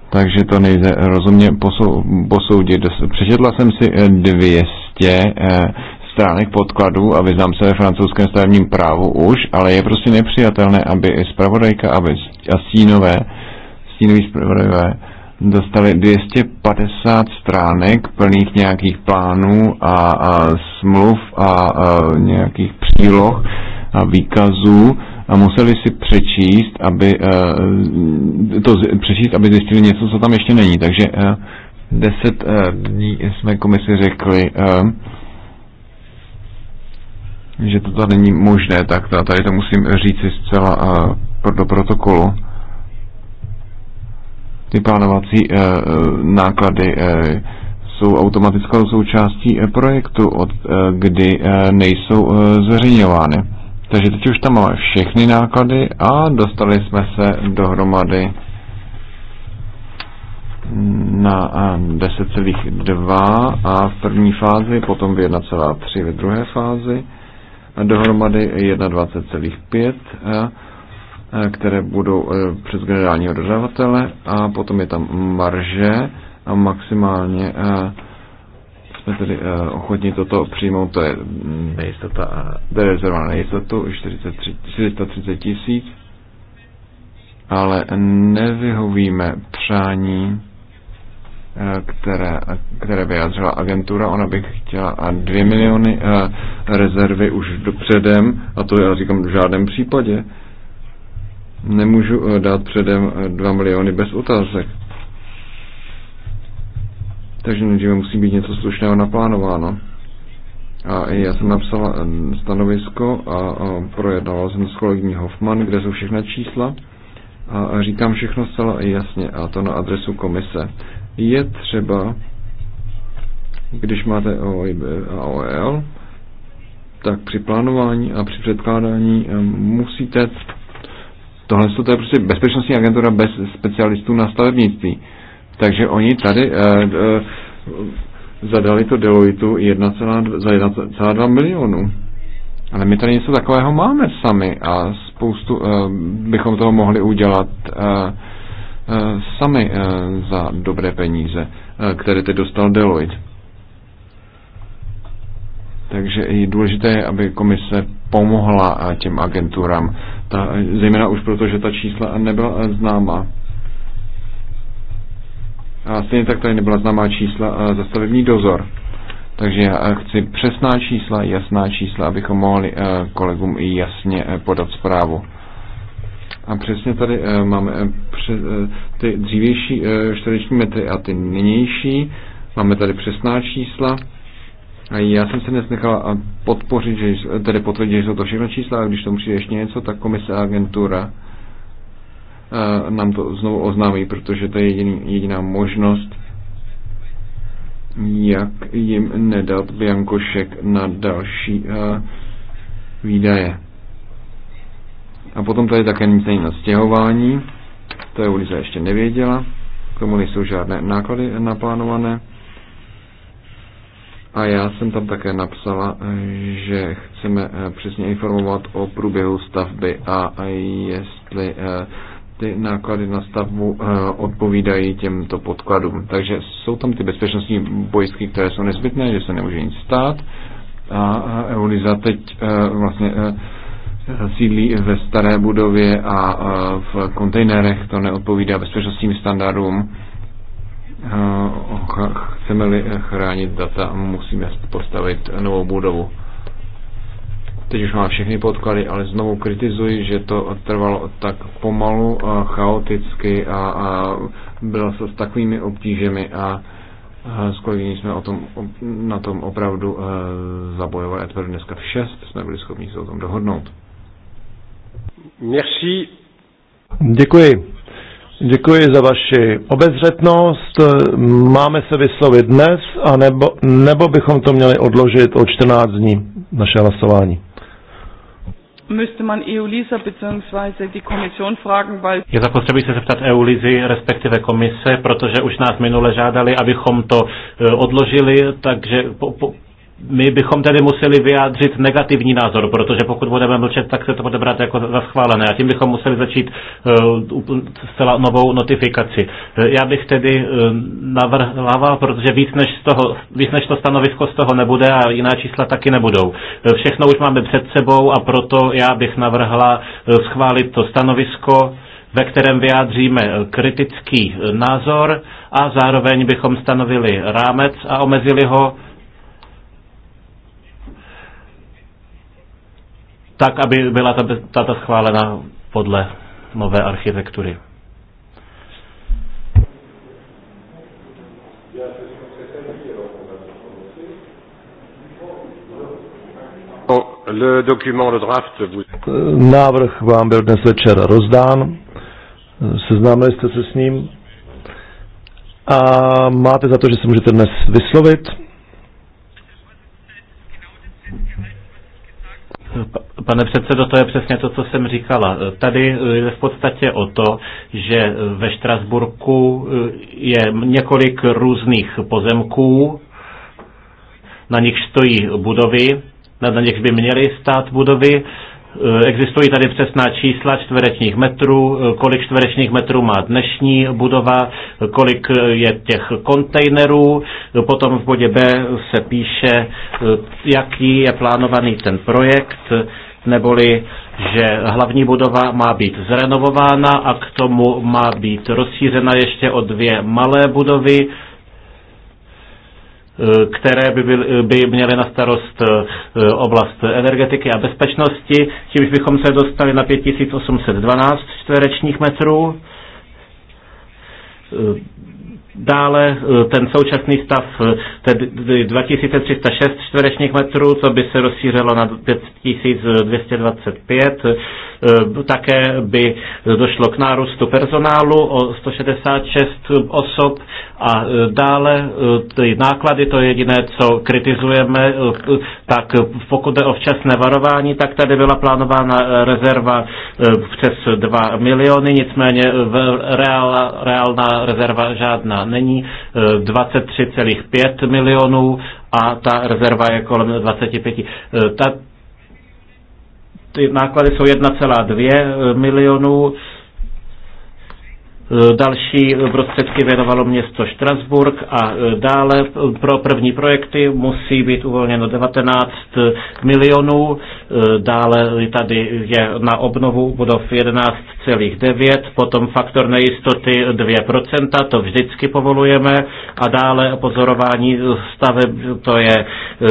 takže to nejde rozumně posoudit. Přečetla jsem si 200 stránek podkladů a vyznám se ve francouzském stavebním právu už, ale je prostě nepřijatelné, aby i zpravodajka, aby a stínové, stínoví zpravodajové, dostali 250 stránek plných nějakých plánů a, a smluv a, a nějakých příloh a výkazů a museli si přečíst, aby e, to přečíst, aby zjistili něco, co tam ještě není. Takže e, deset e, dní jsme komisi řekli, že to tady není možné, tak tady to musím říct zcela pro, do protokolu ty plánovací eh, eh, náklady eh, jsou automatickou součástí projektu, od kdy nejsou zveřejňovány. Takže teď už tam máme všechny náklady a dostali jsme se dohromady na 10,2 a v první fázi, potom v 1,3 ve druhé fázi, dohromady 21,5 Eh, které budou eh, přes generálního dodavatele a potom je tam marže a maximálně eh, jsme tedy ochotni toto přijmout, to je mm, nejistota, a je rezerva nejistotu 430 tisíc, ale nevyhovíme přání, které, které vyjádřila agentura. Ona by chtěla a dvě miliony rezervy už dopředem, a to já říkám v žádném případě Nemůžu eh, dát předem 2 eh, miliony bez otázek. Takže nejdříve musí být něco slušného naplánováno. A já jsem napsal eh, stanovisko a projednala jsem s kolegyní Hoffman, kde jsou všechna čísla. A říkám všechno zcela jasně, a to na adresu komise. Je třeba, když máte OIB a OEL, tak při plánování a při předkládání musíte Tohle to je prostě bezpečnostní agentura bez specialistů na stavebnictví. Takže oni tady eh, eh, zadali to Deloitu 1, za 1,2 milionu. Ale my tady něco takového máme sami a spoustu eh, bychom toho mohli udělat eh, eh, sami eh, za dobré peníze, eh, které teď dostal Deloitte. Takže i důležité je, aby komise pomohla eh, těm agenturám, ta, zejména už proto, že ta čísla nebyla eh, známa. A stejně tak tady nebyla známá čísla eh, za stavební dozor. Takže já chci přesná čísla, jasná čísla, abychom mohli kolegům i jasně podat zprávu. A přesně tady máme ty dřívější čtvereční metry a ty nynější. Máme tady přesná čísla já jsem se dnes nechal podpořit, že, tedy potvrdit, že jsou to všechno čísla, a když tomu přijde ještě něco, tak komise a agentura e, nám to znovu oznámí, protože to je jediný, jediná možnost, jak jim nedat biankošek na další e, výdaje. A potom tady také nic není na stěhování, to je ulice ještě nevěděla, k tomu nejsou žádné náklady naplánované. A já jsem tam také napsala, eh, že chceme eh, přesně informovat o průběhu stavby a jestli eh, ty náklady na stavbu odpovídají těmto podkladům. Takže jsou tam ty bezpečnostní pojistky, které jsou nezbytné, že se nemůže nic stát. A Euliza teď vlastně sídlí ve staré budově a v kontejnerech, to neodpovídá bezpečnostním standardům Eh, chceme-li chránit data, musíme postavit novou budovu. Teď už mám všechny podklady, ale znovu kritizuji, že to trvalo tak pomalu, chaoticky a, a bylo se s takovými obtížemi a, a s kolegyní jsme o tom, na tom opravdu e, zabojovali. A teprve dneska v 6 jsme byli schopni se o tom dohodnout. Merci. Děkuji. Děkuji za vaši obezřetnost. Máme se vyslovit dnes, a nebo, nebo bychom to měli odložit o 14 dní, naše hlasování. E Je zapotřebí se zeptat EULISy, respektive komise, protože už nás minule žádali, abychom to e, odložili, takže po, po, my bychom tedy museli vyjádřit negativní názor, protože pokud budeme mlčet, tak se to bude brát jako za schválené a tím bychom museli začít uh, novou notifikaci. Eh, já bych tedy uh, eh, navrhla, protože víc než, z toho, víc než to stanovisko z toho nebude a jiná čísla taky nebudou. Všechno už máme před sebou a proto já bych navrhla uh, schválit to stanovisko ve kterém vyjádříme kritický názor a zároveň bychom stanovili rámec a omezili ho tak, aby byla tato schválena podle nové architektury. No, Návrh vám byl dnes večer rozdán, seznámili jste se s ním a máte za to, že se můžete dnes vyslovit. Pane předsedo, to je přesně to, co jsem říkala. Tady je v podstatě o to, že ve Štrasburku eh, je několik různých pozemků, na nich stojí budovy, na, na nich by měly stát budovy Eh, existují tady přesná čísla čtverečních metrů, eh, kolik čtverečních metrů má dnešní budova, eh, kolik je těch kontejnerů. Potom v bodě B se píše, jaký je plánovaný ten projekt, neboli že hlavní budova má být zrenovována a k tomu má být rozšířena ještě o dvě malé budovy, Eh, které by, byly, eh, by měly na starost eh, oblast energetiky a bezpečnosti, čímž bychom se dostali na 5812 čtverečních metrů. Dále ten současný stav tedy 2306 čtverečních metrů, co by se rozšířilo na 5225, Eh, také by došlo k nárůstu personálu o 166 osob a eh, dále eh, ty náklady, to je jediné, co kritizujeme, tak pokud jde o včasné varování, tak tady byla plánována rezerva přes 2 miliony, nicméně reál, reálná rezerva žádná není, 23,5 milionů a ta rezerva je kolem 25. Ta, ty náklady jsou 1,2 eh, milionů. Eh, další prostředky věnovalo město Štrasburg a eh, dále pro první projekty musí být uvolněno 19 milionů. Dále tady je na obnovu budov 11 6,9, potom faktor nejistoty 2%, to vždycky povolujeme a dále pozorování staveb, to je e,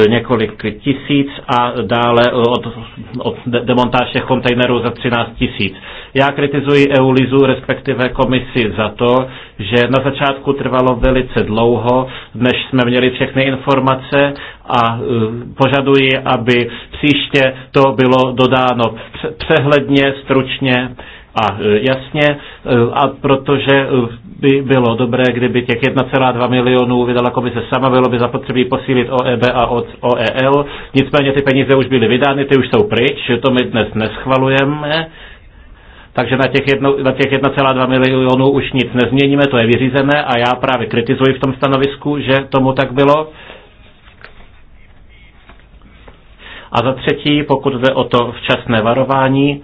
několik tisíc a dále e, od, od demontáž těch kontejnerů za 13 tisíc. Já kritizuji EULIZu, respektive komisi, za to, že na začátku trvalo velice dlouho, než jsme měli všechny informace a e, požaduji, aby příště to bylo dodáno přehledně, stručně a e, jasně, e, a protože e, by bylo dobré, kdyby těch 1,2 milionů vydala komise sama, bylo by zapotřebí posílit OEB a OEL, nicméně ty peníze už byly vydány, ty už jsou pryč, to my dnes neschvalujeme, takže na těch, jedno, na těch 1,2 milionů už nic nezměníme, to je vyřízené a já právě kritizuji v tom stanovisku, že tomu tak bylo. A za třetí, pokud jde o to včasné varování,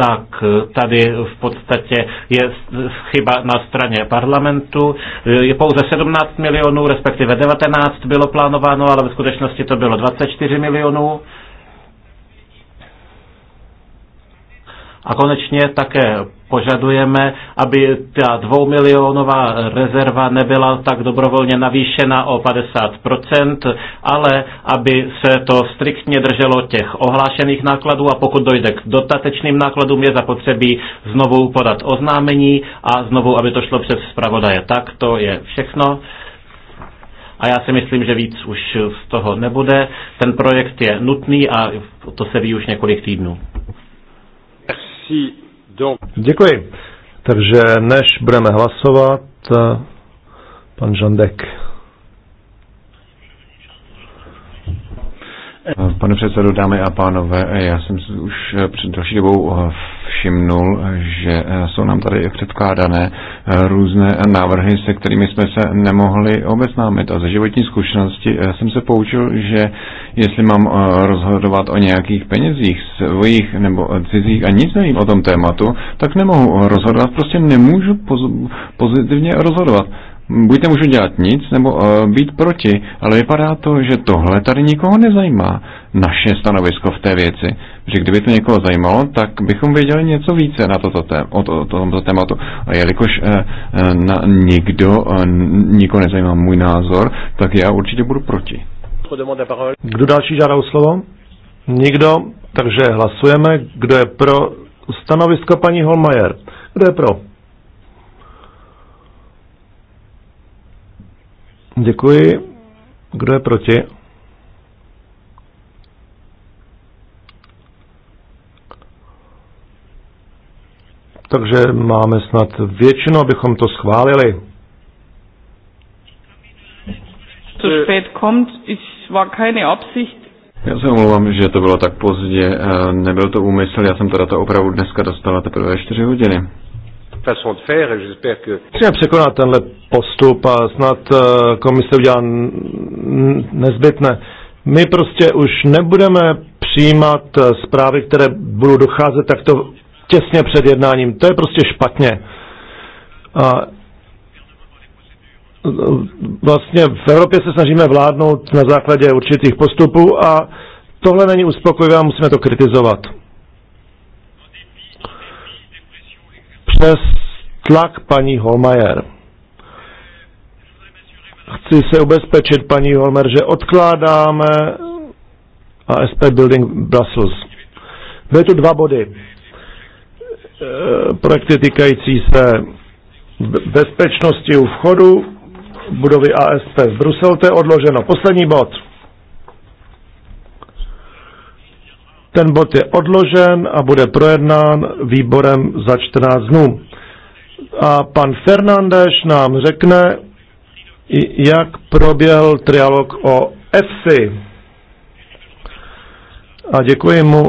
tak tady v podstatě je chyba na straně parlamentu. Je pouze 17 milionů, respektive 19 bylo plánováno, ale ve skutečnosti to bylo 24 milionů. A konečně také požadujeme, aby ta dvoumilionová rezerva nebyla tak dobrovolně navýšena o 50%, ale aby se to striktně drželo těch ohlášených nákladů a pokud dojde k dotatečným nákladům, je zapotřebí znovu podat oznámení a znovu, aby to šlo přes zpravodaje. Tak to je všechno. A já si myslím, že víc už z toho nebude. Ten projekt je nutný a to se ví už několik týdnů. Děkuji. Takže než budeme hlasovat, eh, pan Žandek. Pane předsedo, dámy a pánové, já jsem si už před další dobou eh, všimnul, že eh, jsou nám tady předkládané eh, různé návrhy, se kterými jsme se nemohli obeznámit. A ze životní zkušenosti jsem se poučil, že jestli mám rozhodovat o nějakých penězích svojich nebo cizích a nic nevím o tom tématu, tak nemohu rozhodovat, prostě nemůžu pozitivně rozhodovat buď nemůžu dělat nic, nebo uh, být proti. Ale vypadá to, že tohle tady nikoho nezajímá, naše stanovisko v té věci. Že kdyby to někoho zajímalo, tak bychom věděli něco více na toto tém, o, to, o tomto tématu. A jelikož uh, na, nikdo, uh, nikoho nezajímá můj názor, tak já určitě budu proti. Kdo další žádá o slovo? Nikdo, takže hlasujeme. Kdo je pro stanovisko paní Holmajer? Kdo je pro? Děkuji. Kdo je proti? Takže máme snad většinu, abychom to schválili. Zu spät kommt, ich war keine Absicht. Já se omlouvám, že to bylo tak pozdě. Eh, nebyl to úmysl, já jsem teda to opravdu dneska dostala teprve 4 hodiny. Třeba překonat tenhle postup a snad eh, komise udělá nezbytné. My prostě už nebudeme přijímat eh, zprávy, které budou docházet takto těsně před jednáním. To je prostě špatně. A eh, vlastně v Evropě se snažíme vládnout na základě určitých postupů a tohle není uspokojivé a musíme to kritizovat. Přes tlak paní Holmajer. Chci se ubezpečit, paní Holmer, že odkládáme ASP Building Brussels. Byly tu dva body. E, projekty týkající se bezpečnosti u vchodu budovy ASP v Bruselu, to je odloženo. Poslední bod. Ten bod je odložen a bude projednán výborem za 14 dnů. A pan Fernandeš nám řekne, jak proběhl trialog o EFSI. A děkuji mu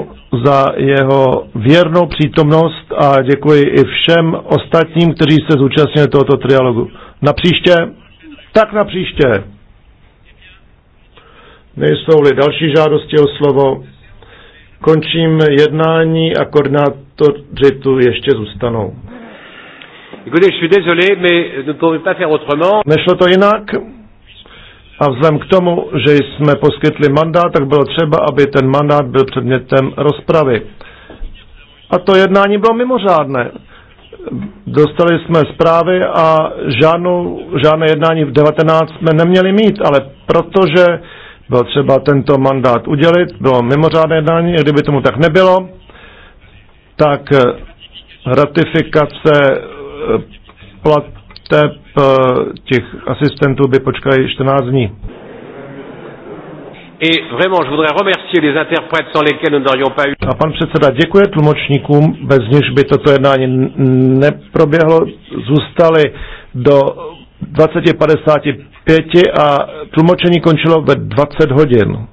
za jeho věrnou přítomnost a děkuji i všem ostatním, kteří se zúčastnili tohoto trialogu. Na příště, tak na příště. Nejsou-li další žádosti o slovo, končím jednání a koordinátoři tu ještě zůstanou. Écoutez, je suis désolé, mais nous ne pouvons pas faire autrement. Nešlo to jinak. A vzhledem k tomu, že jsme poskytli mandát, tak bylo třeba, aby ten mandát byl předmětem rozpravy. A to jednání bylo mimořádné. Dostali jsme zprávy a žádnou, žádné jednání v 19 jsme neměli mít, ale protože bylo třeba tento mandát udělit, bylo mimořádné jednání, a kdyby tomu tak nebylo, tak ratifikace Eh, plateb eh, těch asistentů by počkali 14 dní. Et vraiment, je voudrais remercier les interprètes sans lesquels nous n'aurions pas eu. A pan předseda děkuje tlumočníkům, bez nichž by toto jednání neproběhlo. Zůstali do 20.55 a tlumočení končilo ve 20 hodin.